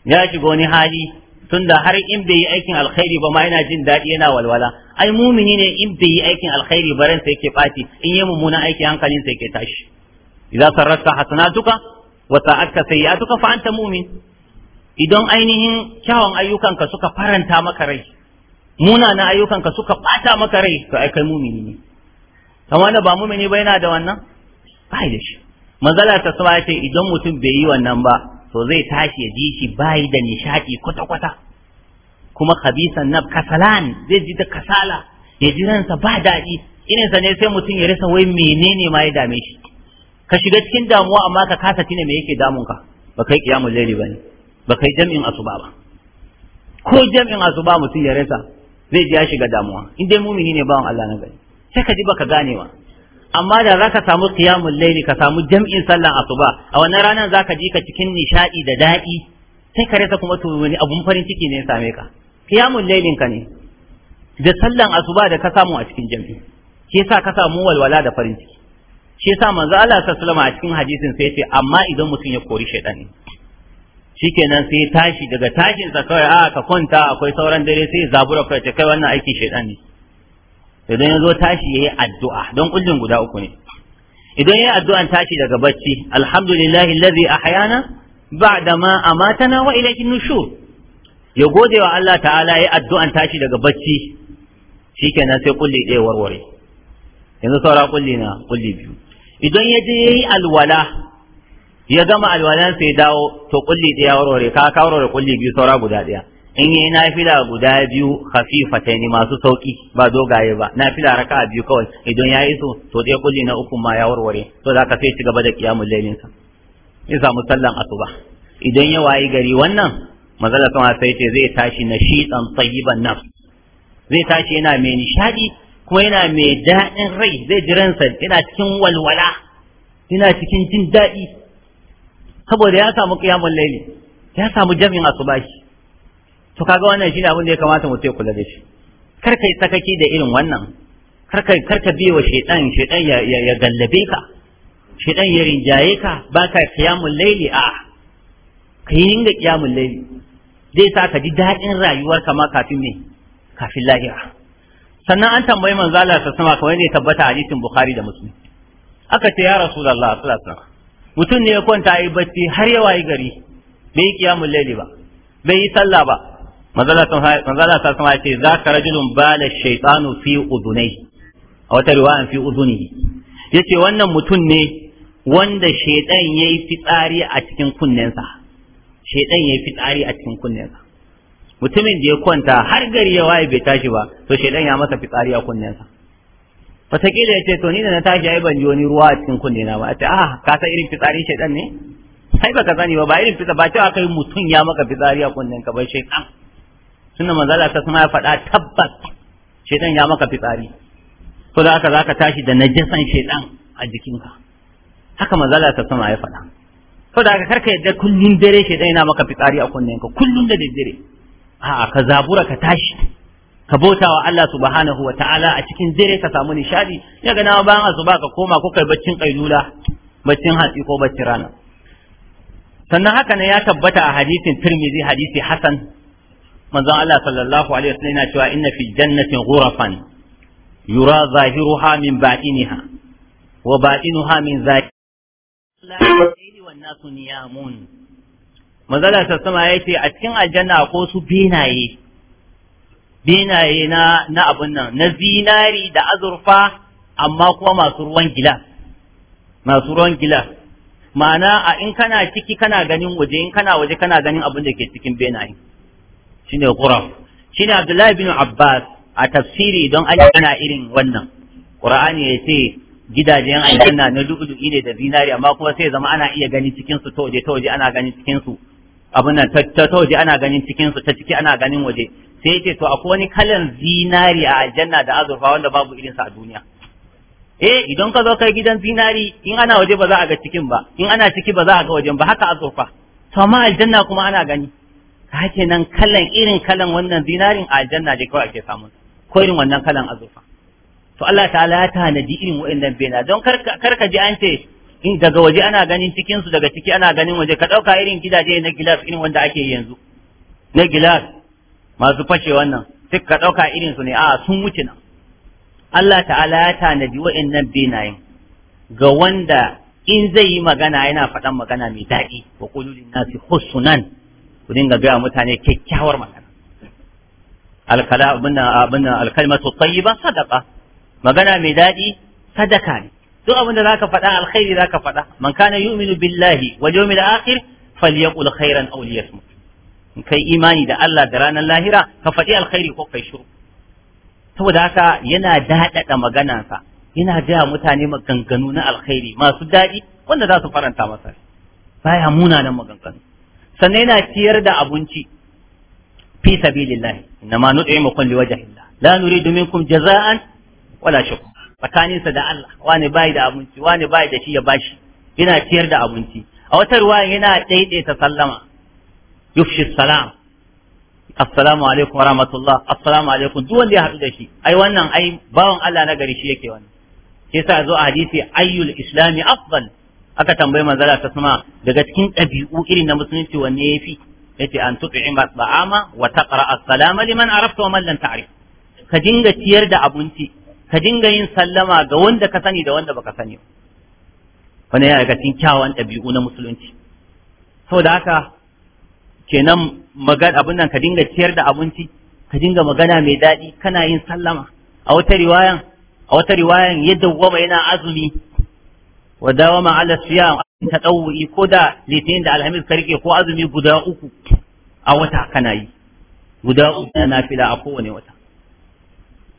ya shiga wani hali tunda har in bai yi aikin alkhairi ba ma yana jin daɗi yana walwala ai mumini ne in bai yi aikin alkhairi ba ransa yake fati in yi mummunan aiki hankalin hankalinsa yake tashi idan sarrafa hasanatuka wa sa'atka sayyi'atuka fa anta mu'min idan ainihin kyawun ayyukanka suka faranta maka rai munanan ayyukanka suka bata maka rai to ai kai mumini ne amma da ba mumini ba yana da wannan bai da shi manzala ta sama ce idan mutum bai yi wannan ba to zai tashi ya ji shi bai da nishaɗi kwata kwata kuma khabisan nab kasalan zai ji da kasala ya ji ransa ba daɗi irin sa ne sai mutum ya rasa wai menene ma ya dame shi ka shiga cikin damuwa amma ka kasa tina me yake damun ka ba kai kiyamul laili bane ba kai jami'in asuba ba ko jami'in asuba mutum ya rasa zai ji ya shiga damuwa in dai mumini ne bawan Allah na gari sai ka ji baka gane ba amma da za ka samu kiyamun layli ka samu jam'in sallan asuba a wannan ranar ka ji ka cikin nishaɗi da daɗi sai ka rasa kuma to wani abun farin ciki ne ya same ka Kiyamun lainin ka ne da sallan asuba da ka samu a cikin jam'i shi yasa ka samu walwala da farin ciki shi yasa manzo Allah sallallahu alaihi a cikin hadisin sai ce amma idan mutum ya kori shaytani shikenan sai tashi daga tashinsa kawai a ah, ka kwanta akwai sauran dare sai zabura kai kai wannan aiki shaytani ne idan ya zo tashi ya yi addu'a don kullum guda uku ne idan ya yi addu'an tashi daga bacci alhamdulillahi lazi a hayana ba da ma a matana wa ilaikin nushur ya gode wa Allah ta'ala ya yi addu'an tashi daga bacci shi kenan sai kulli ɗaya warware yanzu saura kulli na kulli biyu idan ya je ya yi alwala ya gama alwalan sai dawo to kulli ɗaya warware ka ka warware kulli biyu saura guda ɗaya in yi nafila guda biyu hafifata ne masu sauki ba dogaye ba nafila raka biyu kawai idan ya yi su to ɗaya kulli na uku ma ya warware to za ka sai ci gaba da kiyamun lailin sa ya samu sallan asuba idan ya wayi gari wannan mazala sama sai ce zai tashi na shiɗan tsayiban nafs zai tashi yana mai nishaɗi kuma yana mai daɗin rai zai ji ransa yana cikin walwala yana cikin jin daɗi saboda ya samu kiyamun laili ya samu jami'in asuba shi to kaga wannan shine abin da ya kamata mutum ya kula da shi kar ka yi sakaki da irin wannan kar ka kar ka biye wa shaytan shaytan ya ya gallabe ka shaytan ya rinjaye ka ka kiyamul layli a yi inga kiyamul layli zai sa ka ji daɗin rayuwar ma kafin me kafin lahira sannan an tambayi manzo Allah ta sama kamar ne tabbata hadisin Bukhari da Muslim aka ce ya Rasulullah sallallahu alaihi wasallam mutum ne ya kwanta yi bacci har yawa yi gari bai yi qiyamul layli ba bai yi sallah ba manzala ta sama ce za ka rajulun da shaitanu fi uzunai a wata riwayan fi Ya ce wannan mutum ne wanda shaitan yi fitsari a cikin kunnensa shaitan yi fitsari a cikin kunnensa mutumin da ya kwanta har gari ya waye bai tashi ba to shaitan ya masa fitsari a kunnensa wataƙila ya ce to ni da na tashi ai ban ji wani ruwa a cikin kunnena ba a ce ah ka san irin fitsari shaitan ne sai baka sani ba ba irin fitsari ba cewa kai mutum ya maka fitsari a kunnen ka ba shaitan Sunan manzo ta sama ya faɗa tabbas shedan ya maka fitsari to da haka zaka tashi da najasan shedan a jikinka haka manzo ta sama ya faɗa to da haka karka yadda kullun dare shedan yana maka fitsari a kunnenka kullun da dare a'a ka zabura ka tashi ka bauta wa Allah subhanahu wa ta'ala a cikin dare ka samu nishadi ya ga nawa bayan asuba ka koma ko kai baccin kailula baccin hatsi ko baccin rana sannan haka ne ya tabbata a hadisin Tirmidhi hadisi Hasan manzon Allah sallallahu alaihi wasallam yana cewa inna fi jannatin ghurafan yura zahiruha min batiniha wa batinuha min zahiri wan nasu niyamun manzon Allah sallallahu alaihi yace a cikin aljanna ko su benaye benaye na na abun nan na zinari da azurfa amma kuma masu ruwan gila masu ruwan gila ma'ana a in kana ciki kana ganin waje in kana waje kana ganin abin da ke cikin benaye shine ghuraf shine Abdullahi bin Abbas a tafsiri don an ana irin wannan Qur'ani ya ce gidajen aljanna na lu'lu'i ne da zinari amma kuma sai zama ana iya gani cikin su ta waje ta waje ana ganin cikin su abin nan ta ta waje ana ganin cikin su ta ciki ana ganin waje sai yace to akwai wani kalan zinari a aljanna da azurfa wanda babu irin sa a duniya eh idan ka zo kai gidan zinari in ana waje ba za a ga cikin ba in ana ciki ba za a ga wajen ba haka azurfa to amma aljanna kuma ana gani hake nan kalan irin kalan wannan zinarin a aljanna da kawai ake samun ko irin wannan kalan azurfa to Allah ta'ala ya tanadi irin wa'annan bena don karka ji an ce in daga waje ana ganin cikin su daga ciki ana ganin waje ka dauka irin gidaje na gilas irin wanda ake yanzu na gilas masu fashe wannan sai ka dauka irin su ne a sun wuce nan Allah ta'ala ya tanadi wa'annan benayen ga wanda in zai yi magana yana faɗan magana mai daɗi wa qulul nasi hussunan ku dinga gaya mutane kyakkyawar magana alkala abin abin alkalmatu tayyiba sadaqa magana mai daɗi sadaka ne duk abin da zaka faɗa alkhairi zaka faɗa man kana yu'minu billahi wal yawmil akhir falyaqul khairan aw liyasmut in kai imani da Allah da ranar lahira ka faɗi alkhairi ko kai shiru saboda haka yana daɗaɗa maganansa yana gaya mutane maganganu na alkhairi masu daɗi wanda za su faranta masa baya munanan maganganu sannan yana ciyar da abinci fi sabilillah inna ma nut'imukum liwajhillah la nuridu minkum jaza'an wala shukr sa da Allah wani bai da abinci wani bai da shi ya bashi yana ciyar da abinci a wata ruwa yana daidaita sallama yufshi salam assalamu alaikum wa rahmatullah assalamu alaikum duk wanda ya haɗu da shi ai wannan ai bawan Allah na gari shi yake wannan shi yasa zo a hadisi ayyul islami afdal aka tambayi manzala ta sama daga cikin ɗabi'u irin na musulunci wanne yafi yace an tut'im at'ama wa taqra as-salama liman arafta wa man lam ta'rif ka dinga ciyar da abinci ka dinga yin sallama ga wanda ka sani da wanda baka sani wannan yana daga cikin kyawawan ɗabi'u na musulunci saboda haka kenan magana abin nan ka dinga ciyar da abinci ka dinga magana mai daɗi kana yin sallama a wata riwayan a wata riwayan yadda goma yana azumi wa dawama ala siyam ta ɗau'i ko da litinin da alhamis ka rike ko azumi guda uku a wata kana yi guda uku na nafila a kowane wata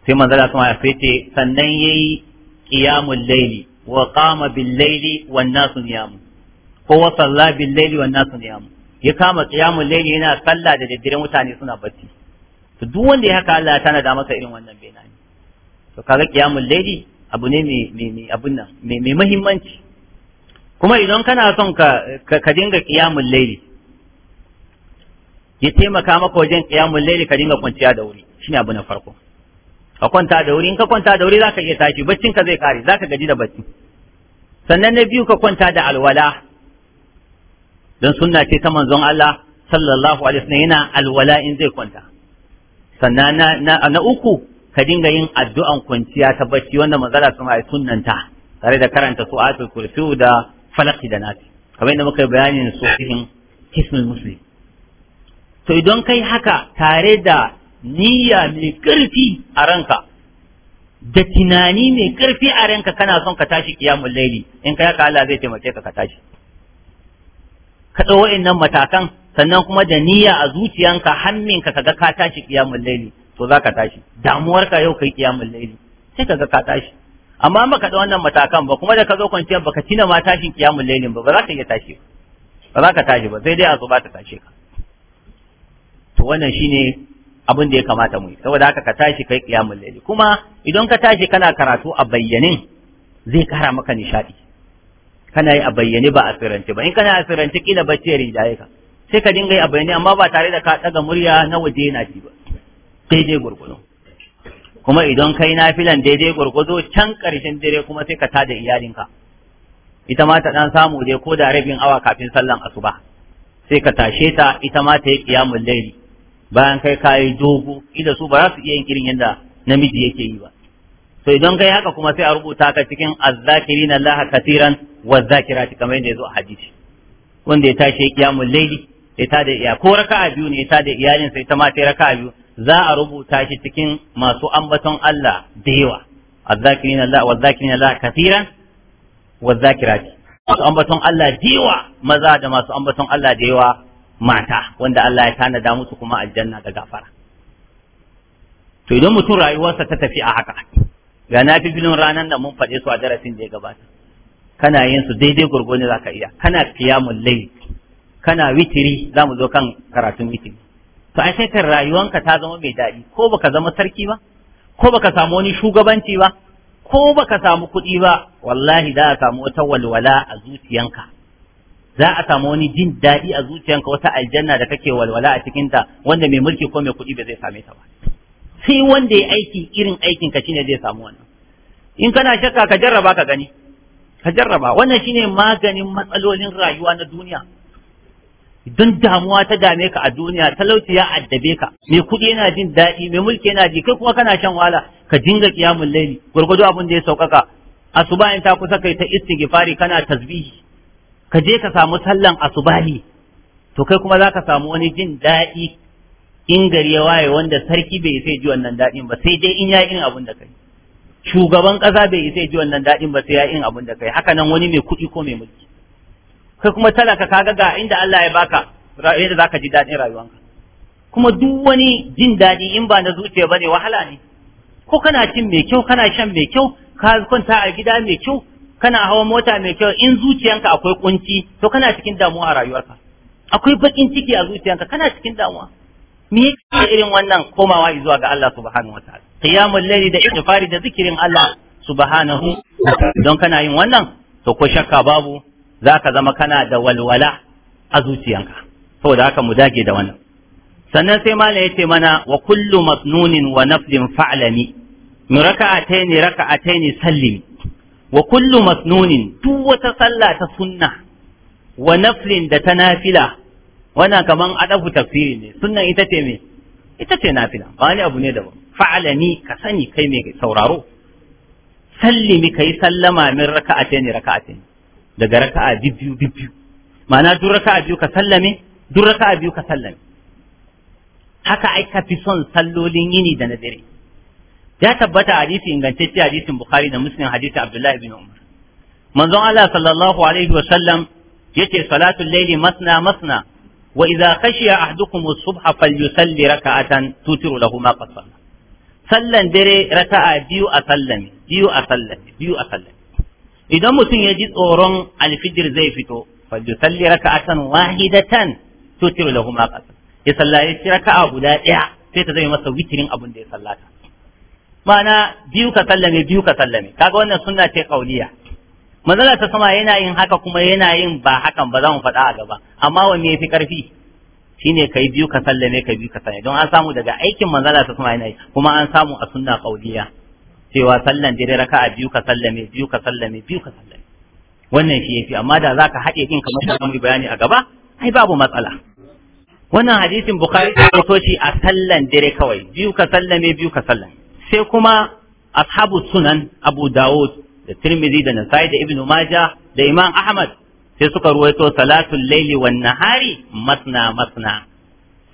sai manzala sama ya fete sannan yayi qiyamul layli wa qama bil layli wan nasu niyamu ko wa salla bil layli wan nasu niyamu ya kama qiyamul layli yana salla da daddare mutane suna bacci to duk wanda ya haka Allah ya tana da irin wannan bayani to kaga ƙiyamun layli abu ne mai mahimmanci kuma idan kana son ka dinga kiyamun laili ya taimaka maka wajen kiyamun laili ka dinga kwanciya da wuri shine abu na farko ka kwanta da wuri in ka kwanta da wuri zaka iya tashi baccin ka zai kare zaka gaji da bacci sannan na biyu ka kwanta da alwala don sunna ce ta manzon Allah sallallahu alaihi wasallam yana alwala in zai kwanta sannan na, na uku ka dinga yin addu'an kwanciya ta bacci wanda manzala sun ai sunnanta tare da karanta su'atul kursi da falaki da nasi kamar yadda muka yi bayanin cikin hisnul muslim to idan kai haka tare da niyya mai karfi a ranka da tunani mai ƙarfi a ranka kana son ka tashi kiyamul laili in kai haka Allah zai taimake ka ka tashi ka ɗau waɗannan matakan sannan kuma da niyya a zuciyanka ka kaga ka tashi kiyamul laili to zaka tashi damuwarka yau kai kiyamul laili sai kaga ka tashi amma baka da wannan matakan ba kuma da ka zo kwanciyar baka tina ma tashin kiyamul lailin ba ba za ka iya tashi ba ba za ka tashi ba sai dai a ba ta tashe ka to wannan shine abin da ya kamata mu yi saboda haka ka tashi kai kiyamul laili kuma idan ka tashi kana karatu a bayyanin zai kara maka nishadi kana yi a bayyane ba a sirrance ba in kana a sirrance kila bacci ya rinjaye ka sai ka dinga yi a bayani amma ba tare da ka daga murya na waje na ji ba daidai gurgudu kuma idan kai na filan daidai gurgudu can karshen dare kuma sai ka tada iyalinka ita ma ta dan samu dai ko da rabin awa kafin sallan asuba sai ka tashe ta ita ma ta yi qiyamul layli bayan kai yi dogo ida su ba za su iya yin irin yadda namiji yake yi ba to idan kai haka kuma sai a rubuta ka cikin azzakirin Allah katiran wa zakirati kamar yadda yazo a hadisi wanda ya tashi qiyamul layli ita da iya ko raka'a biyu ne ita da iyalin sai ta ma ta raka'a biyu za a rubuta shi cikin masu ambaton Allah da yawa azzakirin Allah wa zakirin Allah kathiran wa zakirati masu ambaton Allah da yawa maza da masu ambaton Allah da yawa mata wanda Allah ya tanada musu kuma aljanna da gafara to idan mutum rayuwarsa ta tafi a haka ga na fi filin ranar da mun faɗe su a darasin da ya gabata kana yin su daidai gurgurni za ka iya kana kiyamun layl kana witiri za mu zo kan karatun witiri to ai sai kan rayuwanka ta zama mai daɗi ko baka zama sarki ba ko baka samu wani shugabanci ba ko baka samu kuɗi ba wallahi za a samu wata walwala a zuciyanka za a samu wani jin daɗi a zuciyanka wata aljanna da kake walwala a cikinta wanda mai mulki ko mai kuɗi ba zai same ta ba sai wanda ya aiki irin aikin ka shine zai samu wannan in kana shakka ka jarraba ka gani ka jarraba wannan shine maganin matsalolin rayuwa na duniya don damuwa ta dame ka a duniya talauci ya addabe ka mai kuɗi yana jin daɗi mai mulki yana ji kai kuma kana shan wahala ka dinga ƙiyamun laili gurgudu abin da ya a asuba in ta kusa kai ta istighfari kana tasbihi ka je ka samu sallan asubahi to kai kuma za ka samu wani jin daɗi in gari ya waye wanda sarki bai sai ji wannan daɗin ba sai dai in ya in abin da kai shugaban ƙasa bai sai ji wannan daɗin ba sai ya in abin da kai haka nan wani mai kuɗi ko mai mulki kai kuma ka kaga ga inda Allah ya baka yadda zaka ji daɗin rayuwanka kuma duk wani jin daɗi in ba na zuciya bane wahala ne ko kana cin mai kyau kana shan mai kyau ka kwanta a gida mai kyau kana hawa mota mai kyau in zuciyanka akwai kunci to kana cikin damuwa a rayuwarka akwai bakin ciki a zuciyanka kana cikin damuwa me yake irin wannan komawa zuwa ga Allah subhanahu wataala qiyamul layli da istighfari da zikirin Allah subhanahu don kana yin wannan to ko shakka babu za ka zama kana da walwala a zuciyanka saboda haka mu dage da wannan sannan sai mala ya ce mana wa kullu masnunin wa naflin fa'lami min raka'ataini raka'ataini sallimi wa kullu masnunin duk wata sallah ta sunna wa naflin da ta nafila wannan kaman adafu tafsiri ne sunnan ita ce me ita ce nafila ba wani abu ne da fa'alani ka sani kai mai sauraro sallimi kai sallama min raka raka a raka'ataini raka'ataini daga raka'a biyu biyu ma'ana duk raka'a biyu ka sallame duk raka'a biyu ka sallame haka ai ka fi son sallolin yini da na dare ya tabbata hadisi ingantacce hadisin bukhari da muslim hadisi abdullahi bin umar manzon Allah sallallahu alaihi wa sallam yace salatul layli masna masna wa idza khashiya ahdukum as-subha falyusalli raka'atan tutiru lahu ma qad sallan dare raka'a biyu a sallame biyu a sallame biyu a sallame idan mutum ya ji tsoron alfijir zai fito a can wahidatan tiro da kuma qad ya sallaye a guda ɗaya, sai ta zai masa witirin abin da ya sallata ma'ana biyu ka sallame biyu ka sallame kaga wannan sunna ce kauliya manzala ta sama yana yin haka kuma yana yin ba hakan ba za mu faɗa a gaba amma wanne yafi karfi shine kai biyu ka sallame kai biyu ka sallame don an samu daga aikin manzala ta sama yana yi kuma an samu a sunna kauliya cewa sallan dare raka a biyu ka sallame biyu ka sallame biyu ka sallame wannan shi yafi amma da za ka haɗe din kamar da mun bayani a gaba ai babu matsala wannan hadisin bukhari ya rawaito shi a sallan dare kawai biyu ka sallame biyu ka sallame sai kuma ashabu sunan abu dawud da tirmidhi da nasai da ibnu majah da imam ahmad sai suka ruwaito salatul laili wan nahari masna masna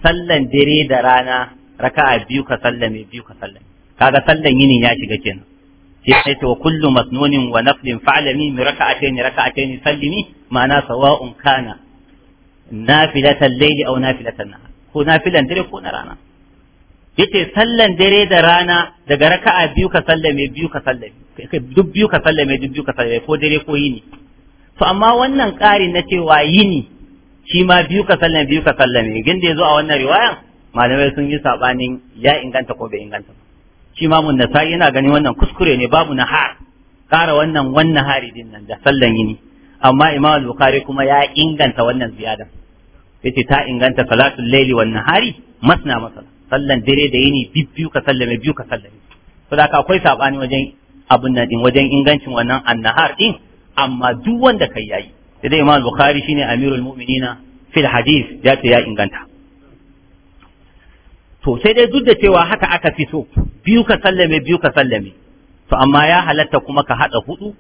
sallan dare da rana raka'a biyu ka sallame biyu ka sallame kaga sallan yini ya shiga kenan sai sai to kullu masnunin wa naflin fa'lami mi raka'atayn raka'atayn sallimi ma'ana sawa'un kana nafilatan layli aw nafilatan nahar ko nafilan dare ko na rana yace sallan dare da rana daga raka'a biyu ka sallame biyu ka sallame duk biyu ka sallame duk biyu ka sallame ko dare ko yini to amma wannan ƙari na cewa yini shi ma biyu ka sallame biyu ka sallame ginda zo a wannan riwayan malamai sun yi sabanin ya inganta ko bai inganta ba shi imamun nasa'i yana ganin wannan kuskure ne babu nahar Ƙara wannan wannan hari din nan da sallan yini amma imam al-bukhari kuma ya inganta wannan ziyada yace ta inganta salatul laili wan nahari masna masala sallan dare da yini bibbiyu ka sallame biyu ka sallame to da akwai sabani wajen abun nan din wajen ingancin wannan annahar din amma duk wanda kai yayi sai dai imam al-bukhari shine amirul mu'minina fil hadith ya ce ya inganta to sai dai duk da cewa haka aka fi so biyu ka sallame biyu ka sallame to amma ya halatta kuma ka haɗa hudu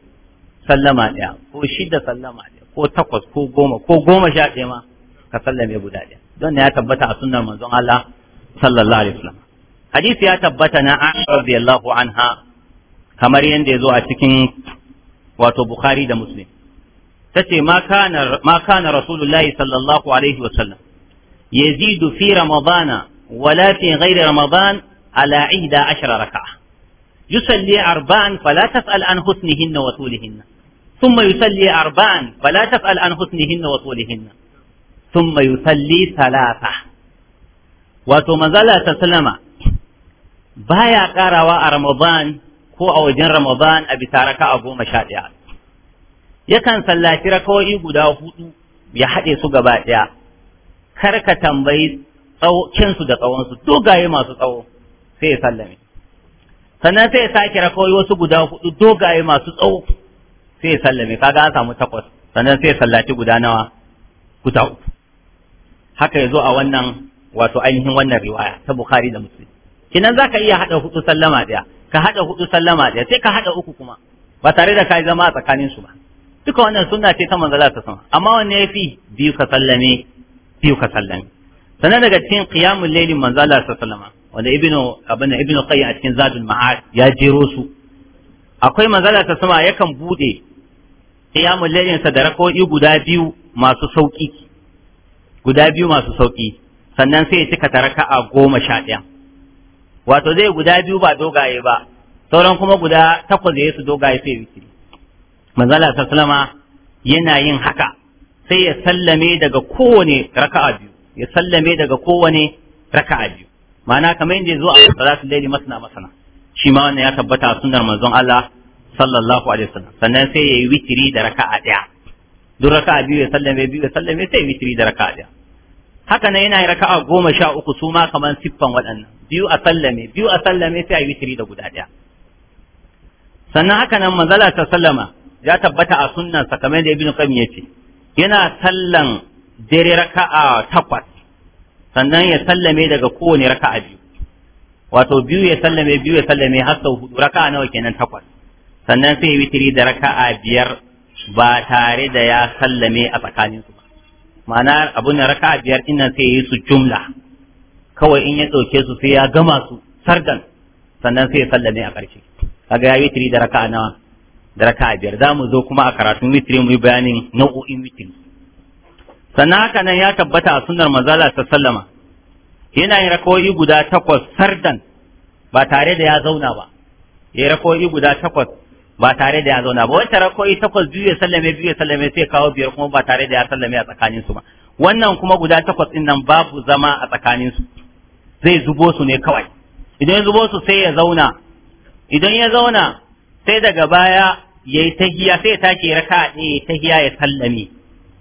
sallama ɗaya ko shida sallama ɗaya ko takwas ko goma ko goma sha ɗaya ma ka sallame guda ɗaya don ya tabbata a sunnar manzon Allah sallallahu alaihi wasallam hadisi ya tabbata na Aisha radiyallahu anha kamar yadda ya zo a cikin wato Bukhari da Muslim tace ma kana ma kana rasulullahi sallallahu alaihi wasallam yazidu fi ramadana ولا في غير رمضان على عيد عشر ركعة يصلي أربعا فلا تسأل عن حسنهن وطولهن ثم يصلي أربعا فلا تسأل عن حسنهن وطولهن ثم يصلي ثلاثة زال تسلم بايا قاروا رمضان كو جن رمضان أبي تارك أبو مشاديا يكن صلاة rakawoyi guda hudu ya haɗe su gaba ɗaya kyansu da tsawonsu dogaye masu tsawo sai ya sallame sannan sai ya sake rakawai wasu guda hudu dogaye masu tsawo sai ya sallame kaga an samu takwas sannan sai ya sallaci guda nawa guda uku haka ya zo a wannan wato ainihin wannan riwaya ta bukhari da musulmi kinan zaka iya hada hudu sallama daya ka hada hudu sallama daya sai ka hada uku kuma ba tare da kai zama a tsakanin su ba duka wannan sunna ce ta manzala ta sama amma wanne yafi biyu ka sallame biyu ka sallame sannan daga cikin qiyamul layli manzo Allah sallallahu alaihi wanda ibnu abana ibnu qayyim a cikin zadul ma'ad ya jero su akwai manzala ta sama yakan bude qiyamul layli sa da rakoi guda biyu masu sauki guda biyu masu sauki sannan sai ya cika ta a goma sha ɗaya wato zai guda biyu ba dogaye ba sauran kuma guda takwas da su dogaye sai wikiri manzala ta salama yana yin haka sai ya sallame daga kowane raka'a biyu ya sallame daga kowane raka'a biyu ma'ana kamar yadda zuwa a salatu laili masana masana shi ma wannan ya tabbata a sunnar manzon Allah sallallahu alaihi wasallam sannan sai yayi witiri da raka'a daya duk raka'a biyu ya sallame biyu ya sallame sai witiri da raka'a daya haka nan yana raka'a goma sha uku su ma kamar siffan waɗannan biyu a sallame biyu a sallame sai a witiri da guda daya sannan haka nan manzala ta sallama ya tabbata a sunnan sa kamar da ibnu qayyim yace yana sallan dare raka'a takwas sannan ya sallame daga kowane raka'a biyu wato biyu ya sallame biyu ya sallame har sau hudu raka'a nawa kenan takwas sannan sai witiri da raka'a biyar ba tare da ya sallame a tsakanin su ba ma'ana abun da raka'a biyar din nan sai yi su jumla kawai in ya dauke su sai ya gama su sardan sannan sai ya sallame a ƙarshe kaga ya witiri da raka'a nawa da raka'a biyar za mu zo kuma a karatun witiri mu yi bayanin nau'o'in witiri sannan haka nan ya tabbata a sunar manzala ta sallama yana yin rakoyi guda takwas sardan ba tare da ya zauna ba ya rakoyi guda takwas ba tare da ya zauna ba wata rakoyi takwas biyu ya sallame biyu ya sallame sai kawo biyar kuma ba tare da ya sallame a tsakanin su ba wannan kuma guda takwas din nan babu zama a tsakanin su zai zubo su ne kawai idan ya zubo su sai ya zauna idan ya zauna sai daga baya ya ta tahiya sai ya take raka'a ɗaya ta tahiya ya sallame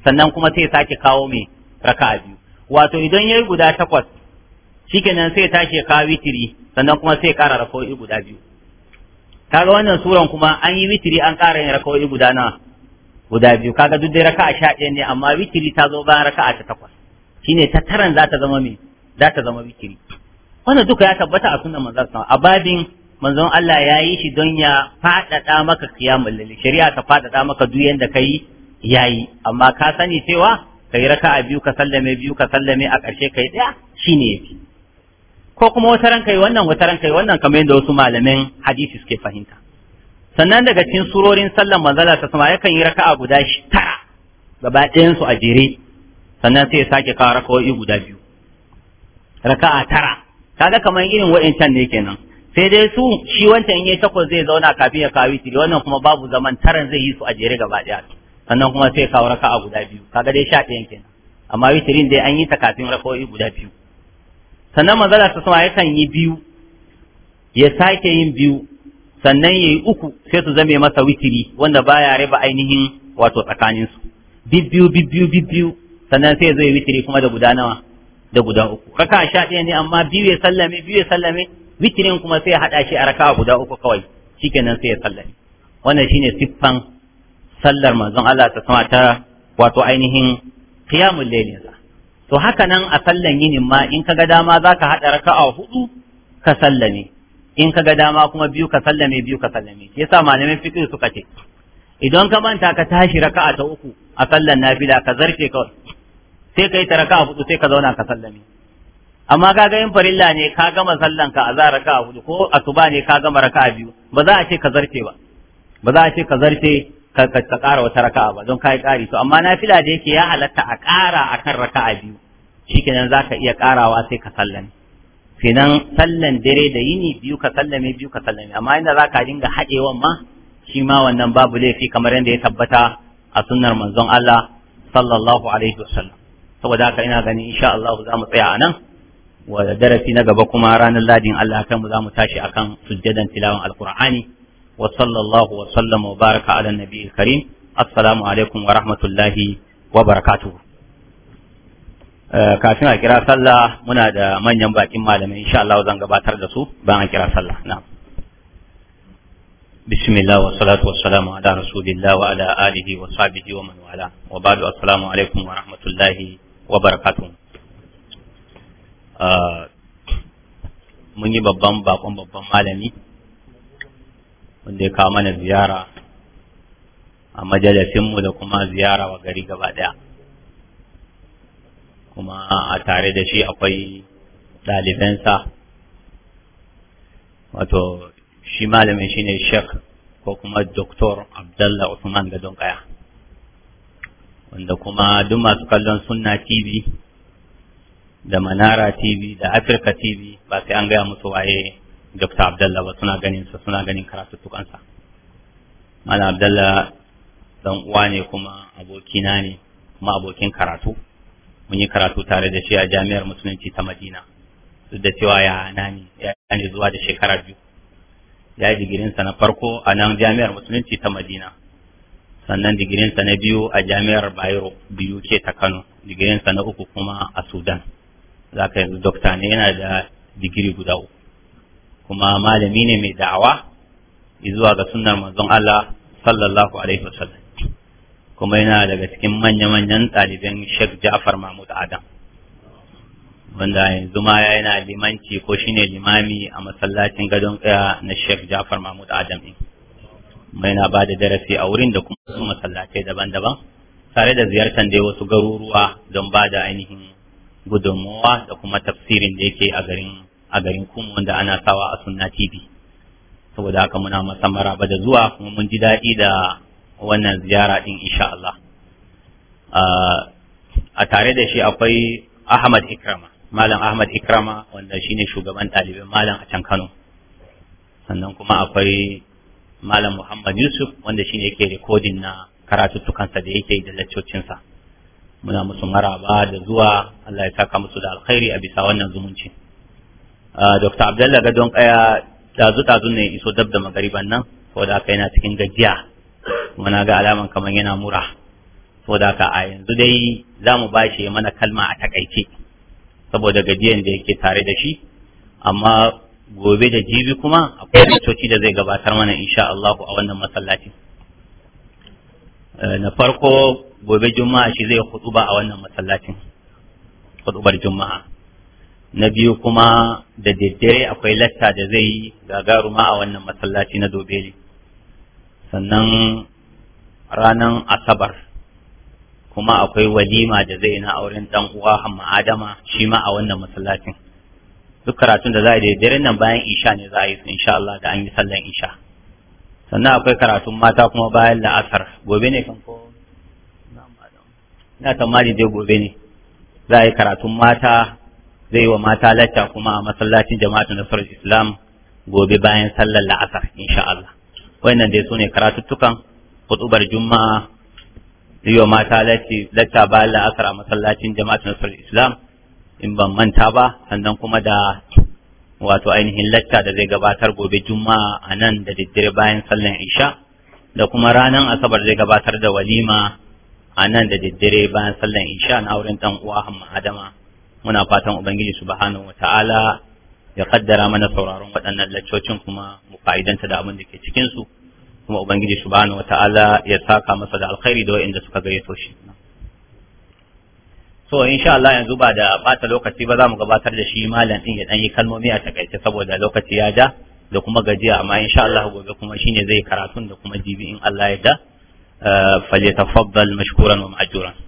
sannan kuma sai sake kawo mai raka'a biyu wato idan ya yi guda takwas shikenan sai tashi ya kawo witiri sannan kuma sai kara rakawai guda biyu kaga wannan suran kuma an yi witiri an kara yin rakawai guda nawa guda biyu kaga duk dai raka'a sha ɗaya ne amma witiri ta zo bayan raka'a ta takwas shine ta taran za ta zama me za ta zama witiri wannan duka ya tabbata a sunan manzon sa a babin manzon Allah ya yi shi don ya faɗaɗa maka kiyamul laili shari'a ta faɗaɗa maka duk yanda kai yayi amma ka sani cewa ka yi raka a biyu ka sallame biyu ka sallame a ƙarshe ka yi ɗaya shine yafi ko kuma wata ran kai wannan wata ran kai wannan kamar yadda wasu malamin hadisi suke fahimta sannan daga cikin surorin sallan manzala ta sama yakan yi raka'a guda shi tara gaba ɗayan su a jere sannan sai ya sake kawo raka'o'i guda biyu raka'a tara kaga kamar irin wa'incan ne kenan sai dai su shi wancan in yi takwas zai zauna kafin ya kawo witiri wannan kuma babu zaman taran zai yi su a jere gaba ɗaya sannan kuma sai kawo raka'a guda biyu kaga dai sha ɗayan kenan amma witirin dai an yi ta kafin raka'o'i guda biyu sannan manzala ta sama yakan yi biyu ya sake yin biyu sannan ya yi uku sai su zame masa witiri wanda baya riba ainihin wato tsakaninsu bibbiyu bibbiyu bibbiyu sannan sai zai witiri kuma da guda nawa da guda uku raka sha ɗaya ne amma biyu ya sallame biyu ya sallame witirin kuma sai ya haɗa shi a raka'a guda uku kawai shikenan sai ya sallame wannan shine siffan sallar manzon Allah ta sama ta wato ainihin qiyamul za to haka nan a sallan yinin ma in kaga dama zaka hada raka'a hudu ka sallame in kaga dama kuma biyu ka sallame biyu ka sallame yasa malamin fiqh suka ce idan ka manta ka tashi raka'a ta uku a sallan nafila ka zarce ka sai kai ta raka'a hudu sai ka zauna ka sallame amma kaga yin farilla ne ka gama sallan ka za raka'a hudu ko asuba ne ka gama raka'a biyu ba za a ce ka zarce ba ba za a ce ka zarce ka ƙara wata raka'a ba don kayi ƙari to amma nafila da yake ya halatta a ƙara akan raka'a biyu za zaka iya ƙarawa sai ka sallame kenan sallan dare da yini biyu ka sallame biyu ka sallame amma inda zaka dinga haɗewan ma shi ma wannan babu laifi kamar yadda ya tabbata a sunnar manzon Allah sallallahu alaihi wasallam saboda haka ina ganin insha Allah za mu tsaya a nan wa darasi na gaba kuma ranar ladin Allah kan mu za mu tashi akan sujjadan tilawan alqur'ani وصلى الله وسلم وبارك على النبي الكريم السلام عليكم ورحمة الله وبركاته kafin a kira sallah muna da manyan bakin malamai insha Allah zan gabatar da su bayan a kira sallah na'am bismillah wa salatu ala rasulillah ala alihi wa sahbihi wa man wala wa assalamu alaikum wa rahmatullahi wa eh, mun yi babban bakon babban malami wanda ya kawo mana ziyara a majalisinmu da kuma ziyara wa gari gaba daya kuma a tare da shi akwai ɗalibansa wato shi malamin shi ne shek ko kuma doktor abdallah usman gadon kaya wanda kuma duk masu kallon sunna tv da manara tv da afirka tv ba sai an gaya musu waye dokta Abdallah ba suna ganin sa suna ganin karatuttukansa. Mala Abdullahi dan uwa ne kuma abokina ne kuma abokin karatu. Mun yi karatu tare da shi a Jami'ar Musulunci ta Madina. Duk da cewa ya nani ya ne zuwa da shekara biyu. Ya yi digirinsa na farko a nan Jami'ar Musulunci ta Madina. Sannan digirinsa na biyu a Jami'ar Bayero biyu ke ta Kano. Digirinsa na uku kuma a Sudan. Za ka yanzu dokta ne yana da digiri guda uku. kuma malami ne mai da'awa zuwa ga sunnar manzon Allah sallallahu alaihi wasallam kuma yana daga cikin manya-manyan ɗaliban Sheikh Ja'far Mahmud Adam wanda yanzu ma yana limanci ko shine limami a masallacin gadon kaya eh, na Sheikh Ja'far Mahmud Adam din mai na ba da darasi a wurin da kuma su masallatai daban-daban tare da ziyartar da wasu garuruwa don ba da ainihin gudunmuwa da kuma tafsirin da yake a garin a garin kuma wanda ana sawa a sunna tv saboda haka muna masa maraba da zuwa kuma mun ji daɗi da wannan ziyara ɗin insha Allah a tare da shi akwai Ahmad Ikrama Malam Ahmad Ikrama wanda shine shugaban ɗaliban malam a can Kano sannan kuma akwai Malam Muhammad Yusuf wanda shine yake rikodin na karatuttukansa da yake da laccocinsa muna musu maraba da zuwa Allah ya saka musu da alkhairi a bisa wannan zumunci Ah, Dr. Abdullah Gadon Kaya dazu-dazun ne iso dab da magariban nan, da aka yana cikin gajiya, muna ga alaman kamar yana mura. da a yanzu dai za mu ba shi mana kalma a takaice, saboda gajiyan da yake tare da shi, amma gobe da jibi kuma akwai coci da zai gabatar mana insha Allah a wannan masallaci. Eh, na farko gobe juma'a shi zai hutuba a wannan masallacin, hutubar juma'a. na biyu kuma da daddare akwai latta da zai yi gagaruma a wannan masallaci na ne, sannan ranar asabar kuma akwai walima da zai na auren dan uwa hamma adama shi ma a wannan masallacin duk karatun da za a daddare nan bayan isha ne za a yi su insha Allah da an yi sallan isha sannan akwai karatun mata kuma bayan la'asar gobe ne kan ko na tamari dai gobe ne za a yi karatun mata zai wa mata lacca kuma a masallacin jama'atu nasarar islam gobe bayan sallar la'asar insha Allah wannan dai sune karatuttukan hutubar juma'a zai wa mata lacca bayan la'asar a masallacin jama'atu nasarar islam in ban manta ba sannan kuma da wato ainihin lacca da zai gabatar gobe juma'a a nan da daddare bayan sallar isha da kuma ranar asabar zai gabatar da walima a nan da daddare bayan sallar isha na auren dan uwa hamma adama muna fatan ubangiji subhanahu ta'ala ya kaddara mana sauraron waɗannan laccocin kuma mu fa'idanta da abin da ke cikin su kuma ubangiji subhanahu ta'ala ya saka masa da alkhairi da wa'inda suka gayyato shi so sha Allah yanzu ba da bata lokaci ba za mu gabatar da shi malam din ya dan yi kalmomi a taƙaice saboda lokaci ya ja da kuma gajiya amma sha Allah gobe kuma shi ne zai karatun da kuma jibi in Allah ya da eh, falyatafaddal mashkuran wa ma'ajuran.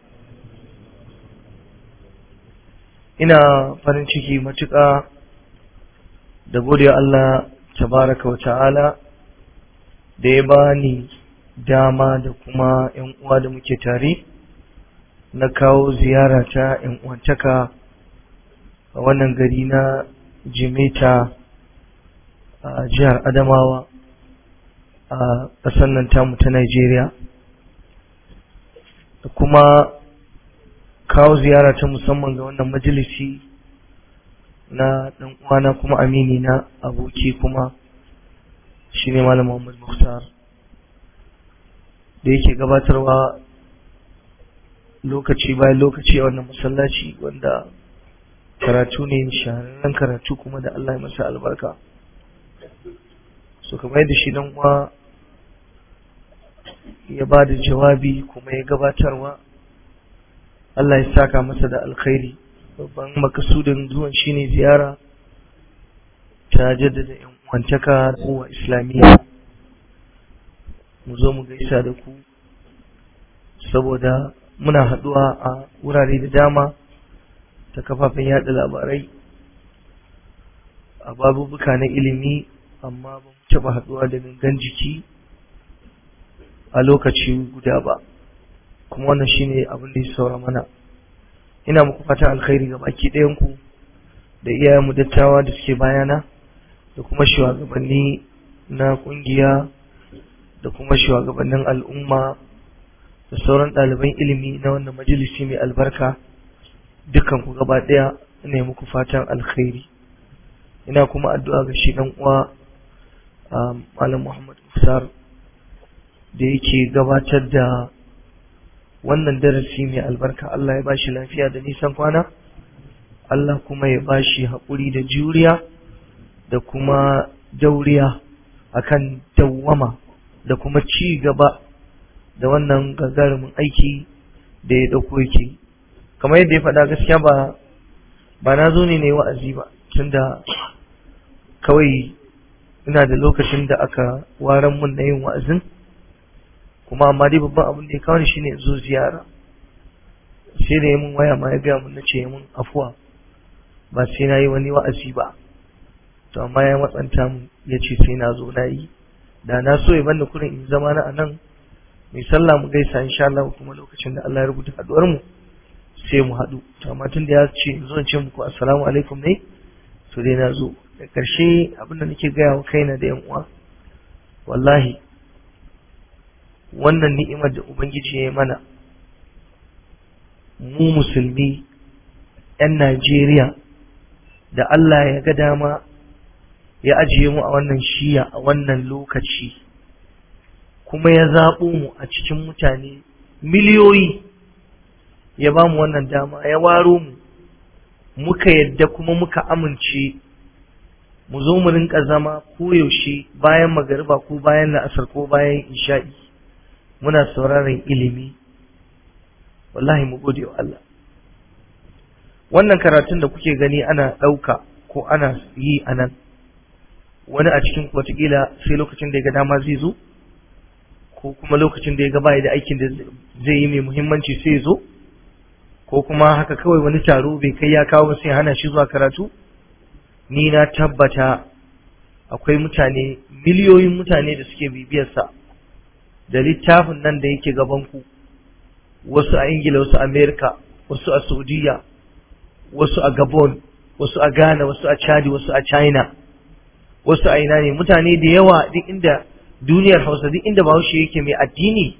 ina farin ciki matuƙa da gode Allah tabaraka wa ta'ala da ya bani dama da kuma ‘yan uwa da muke tare na kawo ziyara ta ‘yan uwantaka a wannan gari na jimeta a jihar adamawa a ƙasar nan tamu ta Najeriya da kuma kawo ziyara ta musamman ga wannan majalisi na dan uwana kuma amini na aboki kuma shine malam Muhammad Mukhtar da yake gabatarwa lokaci bayan lokaci a wannan masallaci wanda karatu ne shahararren karatu kuma da Allah ya masa albarka so kamar yadda shi dan uwa ya ba da jawabi kuma ya gabatarwa Allah ya saka masa da alkhairi babban makasudin zuwan shine ziyara ta jaddada yan kwantaka kowa islamiyya mu zo mu gaisa da ku saboda muna haduwa a wurare da dama ta kafafen yaɗa labarai a babubuka na ilimi amma ba mu taba haduwa da gangan jiki a lokaci guda ba kuma wannan shi ne abin da ya saura mana ina muku fatan alkhairi ga baki ɗayanku da iyayen mu dattawa da suke bayana da kuma shugabanni na ƙungiya, da kuma shugabannin al'umma da sauran ɗaliban ilimi na wannan majalisi mai albarka Dukkan ku gaba ɗaya ina muku fatan alkhairi ina kuma addu'a ga shi ɗan uwa ah, malam Muhammad usar da yake gabatar da wannan darasi mai albarka Allah ya bashi lafiya da nisan kwana Allah kuma ya bashi haƙuri da juriya da kuma dauriya akan dawwama da kuma ci gaba da wannan gagarumin aiki da ya ɗauko yake kamar yadda ya faɗa gaskiya ba ba na zo ne na yi wa'azi ba tunda kawai ina da lokacin da aka waran mun na yin wa'azin kuma amma dai babban abin da ya kawo shi ne zo ziyara sai da ya mun waya ma ya gaya mun na ce mun afuwa ba sai na yi wani wa'azi ba to amma ya matsanta mu ya ce sai na zo na yi da na so ya banda kurin in zama na anan mai sallah mu gaisa insha Allah kuma lokacin da Allah ya rubuta haduwar mu sai mu haɗu to amma tun da ya ce zo ce muku assalamu alaikum ne to dai na zo da karshe abin da nake gaya wa kaina da yan uwa wallahi wannan ni'imar da ubangiji ya mana mu musulmi 'yan najeriya da allah ya ga dama ya ajiye mu a wannan shiya a wannan lokaci kuma ya zaɓo mu a cikin mutane miliyoyi ya ba mu wannan dama ya waro mu muka yadda kuma muka amince mu zo mu rinka zama koyaushe bayan magariba ko bayan la'asar ko bayan isha'i muna sauraron ilimi wallahi mu gode wa Allah wannan karatun da kuke gani ana ɗauka ko ana yi anan wani a cikin watakila sai lokacin da ya ga dama zai zo ko kuma lokacin da ya ga da aikin da zai yi mai muhimmanci sai zo ko kuma haka kawai wani taro bai kai ya kawo sai hana shi zuwa karatu ni na tabbata akwai mutane miliyoyin mutane da suke bibiyarsa da littafin nan da yake gabanku wasu a ingila wasu a amerika wasu a saudiya wasu a gabon wasu a ghana wasu a chadi wasu a china wasu a ina ne mutane da yawa duk inda duniyar hausa duk inda bahaushe yake mai addini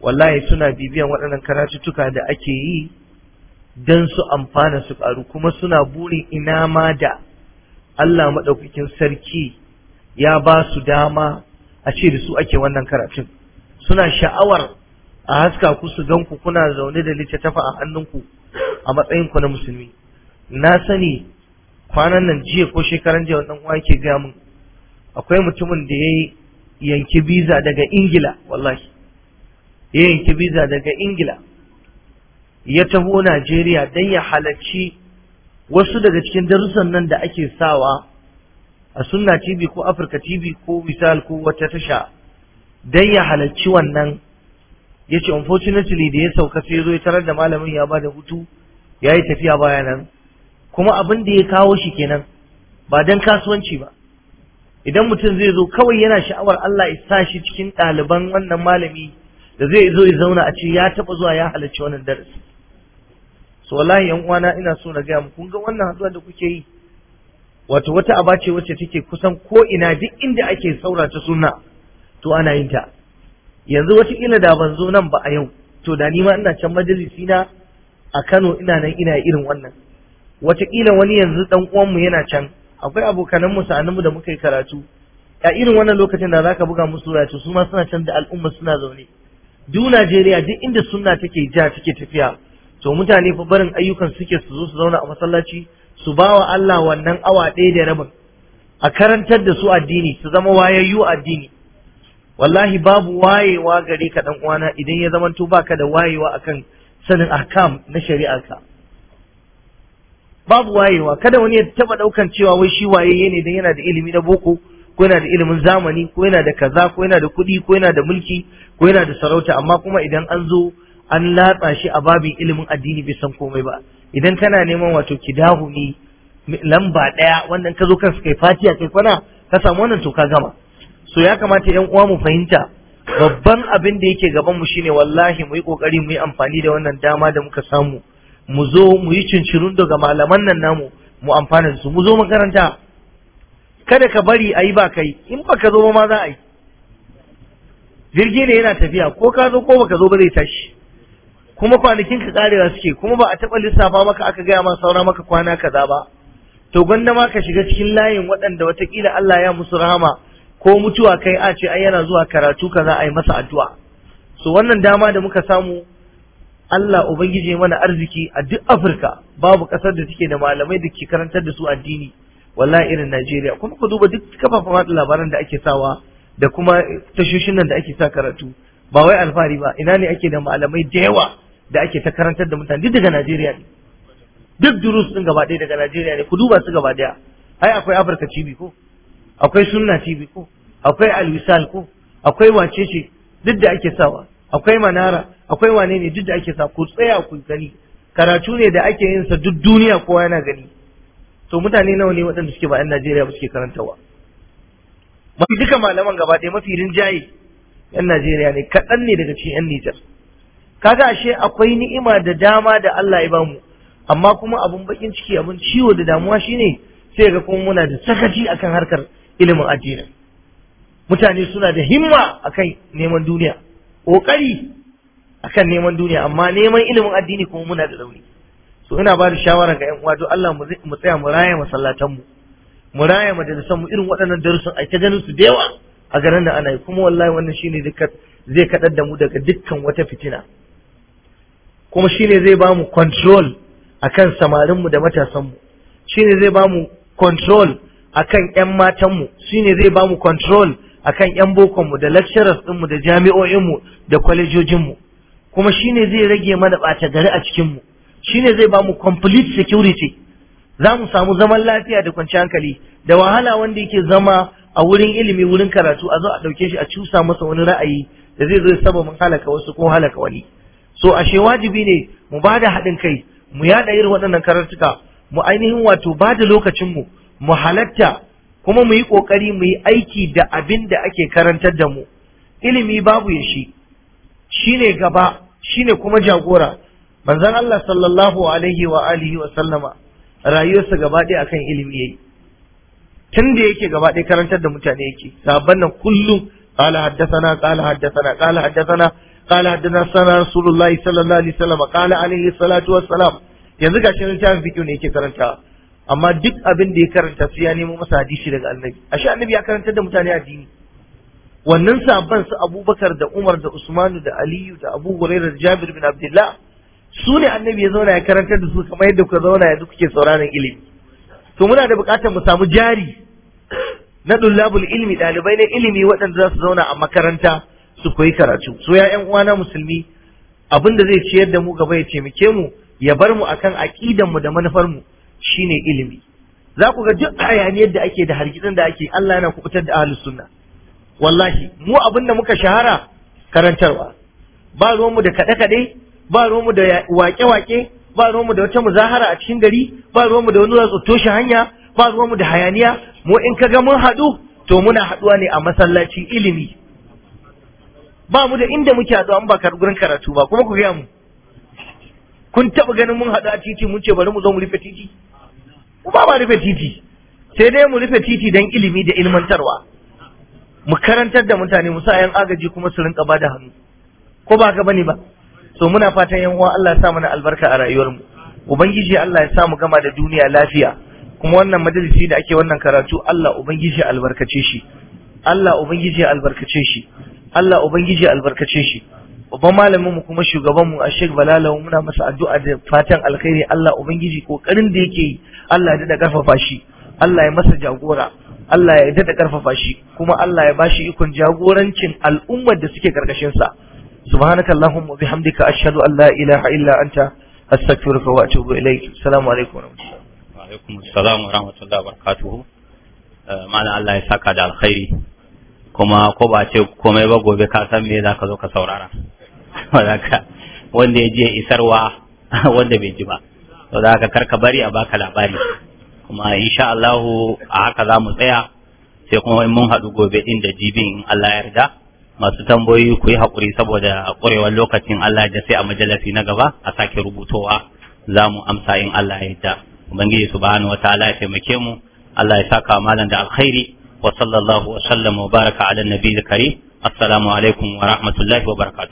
wallahi suna bibiyan waɗannan karatuttuka da ake yi don su amfana su ƙaru kuma suna burin ina ma da Allah maɗaukakin sarki ya ba su dama a ce da su ake wannan karatun suna sha'awar a haska ku su gan ku kuna zaune da littattafa a hannunku a matsayin ku na musulmi na sani kwanan nan jiya ko shekaran jiya wannan uwa yake gaya min akwai mutumin da ya yanki biza daga ingila wallahi ya yanki biza daga ingila ya taho najeriya don ya halarci wasu daga cikin darussan nan da ake sawa a sunna tv ko afirka tv ko misal ko wata tasha dan ya halarci wannan ya ce unfortunately da ya sauka sai zo ya tarar da malamin ya ba da hutu ya yi tafiya baya nan kuma abin da ya kawo shi kenan ba dan kasuwanci ba idan mutum zai zo kawai yana sha'awar Allah ya sa shi cikin ɗaliban wannan malami da zai zo ya zauna a ce ya taɓa zuwa ya halarci wannan darasi so wallahi yan uwana ina so na gaya muku kun ga wannan haɗuwa da kuke yi wato wata aba wacce take kusan ko ina duk inda ake saurata suna? to ana yin ta yanzu wata kila da ban zo nan ba a yau to da ni ma ina can majalisi na a Kano ina nan ina irin wannan wata kila wani yanzu dan uwan mu yana can akwai abokanan mu sa'anin mu da muka yi karatu a irin wannan lokacin da zaka buga musu waya to su ma suna can da al'umma suna zaune duk Najeriya duk inda sunna take ja take tafiya to mutane fa barin ayyukan suke su zo su zauna a masallaci su ba wa Allah wannan awa ɗaya da rabin a karantar da su addini su zama wayayyu addini wallahi babu wayewa gare ka dan uwana idan ya zamanto baka da wayewa akan sanin ahkam na shari'arka babu wayewa kada wani ya taba daukan cewa wai shi wayeye ne dan yana da ilimi na boko ko yana da ilimin zamani ko yana da kaza ko yana da kuɗi ko yana da mulki ko yana da sarauta amma kuma idan an zo an latsa shi a babin ilimin addini bai san komai ba idan kana neman wato kidahu ne lamba ɗaya wannan ka zo kansu kai fatiya kai kwana ka samu wannan to ka gama so ya kamata yan uwa mu fahimta babban abin da yake gaban mu shine wallahi mu yi kokari mu yi amfani da wannan dama da muka samu mu zo mu yi cincirun daga malaman nan namu mu amfana da su mu zo makaranta kada ka bari a yi ba kai in ba ka zo ba ma za a yi jirgi ne yana tafiya ko ka zo ko ba ka zo ba zai tashi kuma kwanakin ka karewa suke kuma ba a taɓa lissafa maka aka gaya ma saura maka kwana kaza ba to gwanda ma ka shiga cikin layin waɗanda watakila Allah ya musu rahama ko mutuwa kai a ce ai yana zuwa karatu kaza ai masa addu'a so wannan dama da muka samu Allah ubangije mana arziki a duk Afirka babu kasar da take da malamai da ke karantar da su addini wallahi irin Najeriya kuma ku duba duk kafafen watsa labaran da ake sawa da kuma tashoshin nan da ake sa karatu ba wai alfahari ba ina ne ake da malamai da yawa da ake ta karantar da mutane duk daga Najeriya ne duk durus din gaba ɗaya daga Najeriya ne ku duba su gaba ɗaya ai akwai Afirka TV ko akwai Sunna TV ko akwai alwisal ko akwai wace ce duk da ake sawa akwai manara akwai wane ne duk da ake sa ku tsaya ku gani karatu ne da ake yin sa duk duniya kowa yana gani to mutane nawa ne waɗanda suke ba 'yan Najeriya ba suke karantawa mafi duka malaman gaba ɗaya mafi rinjaye 'yan Najeriya ne kaɗan ne daga cikin 'yan Nijar kaga ashe akwai ni'ima da dama da Allah ya bamu amma kuma abun bakin ciki abun ciwo da damuwa shine sai ga kuma muna da sakaci akan harkar ilimin addinin mutane suna da himma akan neman duniya ƙoƙari akan neman duniya amma neman ilimin addini kuma muna da rauni so ina ba da shawara ga yan uwa Allah mu tsaya mu raya masallatan mu mu raya majalisan mu irin waɗannan darussan a ta ganin su da yawa a garin da ana yi kuma wallahi wannan shine zai kaɗar da mu daga dukkan wata fitina kuma shine zai ba mu control akan samarin mu da matasan mu shine zai ba mu control akan ƴan matan mu shine zai ba mu control akan yan mu da lecturers mu da jami'o'in mu da kwalejojin mu kuma shine zai rage mana bata gari a cikinmu shine zai ba mu complete security za mu samu zaman lafiya da kwanciyar hankali da wahala wanda yake zama a wurin ilimi wurin karatu a zo a ɗauke shi a cusa masa wani ra'ayi da zai zo sababin halaka wasu ko halaka wani so ashe wajibi ne mu bada da haɗin kai mu yaɗa irin waɗannan karatuka mu ainihin wato ba da lokacinmu mu halatta kuma mu yi ƙoƙari mu yi aiki da abin da ake karantar da mu ilimi babu ya shi shi ne gaba shi ne kuma jagora manzon Allah sallallahu alaihi wa alihi wa sallama rayuwarsa gaba ɗaya akan ilimi yi, tun da yake gaba ɗaya karantar da mutane yake sabon nan kullum قال حدثنا قال حدثنا قال حدثنا قال حدثنا رسول الله صلى الله عليه وسلم قال salatu wa salam. yanzu gashi littafin fiqh ne yake karantawa amma duk abin da ya karanta su ya nemo masa hadisi daga annabi ashe annabi ya karantar da mutane addini wannan sabon su abubakar da umar da usmanu da aliyu da abu hurairah da jabir bin abdullah su ne annabi ya zauna ya karantar da su kamar yadda kuka zauna yanzu kuke sauraron ilimi to muna da buƙatar mu samu jari na dullabul ilmi ɗalibai na ilimi waɗanda za su zauna a makaranta su koyi karatu so ya ƴan uwana musulmi abin da zai ciyar da mu gaba ya taimake mu ya bar mu akan aqidan mu da manufar mu Shi ne ilimi za ku ga duk hayaniyar da ake da hargitsin da ake Allah yana kubutar da ahlus sunna wallahi mu abin da muka shahara karantarwa ba ruwanmu da kaɗe-kaɗe ba ruwanmu da wake-wake ba ruwanmu da wata muzahara a cikin gari ba ruwanmu da wani zatsu toshe hanya ba ruwanmu da hayaniya mu in ka ga mun haɗu to muna haɗuwa ne a masallaci ilimi ba mu da inda muke haɗuwa ba gurin karatu ba kuma ku gaya mu kun taɓa ganin mun haɗu a titi mun ce bari mu zo mu rufe titi mu ba ma rufe titi sai dai mu rufe titi don ilimi da ilmantarwa mu karantar da mutane mu sa yan agaji kuma su rinka bada hannu ko ba ka bane ba so muna fatan yan uwa Allah ya sa mana albarka a rayuwar mu ubangiji Allah ya sa mu gama da duniya lafiya kuma wannan majalisi da ake wannan karatu Allah ubangiji albarkace shi Allah ubangiji albarkace shi Allah ubangiji albarkace shi babban malamin mu kuma shugaban mu Sheikh Balalawo muna masa addu'a da fatan alkhairi Allah ubangiji kokarin da yake yi Allah ya dada karfafa shi Allah ya masa jagora Allah ya dada karfafa shi kuma Allah ya bashi ikon jagorancin al'ummar da suke karkashin sa subhanakallahumma bihamdika ashhadu an la ilaha illa anta astaghfiruka wa atubu ilaik assalamu alaikum wa rahmatullahi wa rahmatullahi wa barakatuh eh, malam Allah ya saka da alkhairi kuma ko ba ce komai ba gobe ka san me za ka zo ka saurara wanda ya je isarwa wanda bai ji ba to da haka karka bari a baka labari kuma insha Allah a haka za mu tsaya sai kuma mun haɗu gobe din da jibin Allah ya yarda masu tambayoyi ku yi haƙuri saboda ƙwarewar lokacin Allah da sai a majalasi na gaba a sake rubutowa za mu amsa in Allah ya yarda ubangiji subhanahu wataala ya taimake mu Allah ya saka malam da alkhairi wa sallallahu wa sallama wa baraka ala nabiyil karim assalamu alaikum wa rahmatullahi wa barakatuh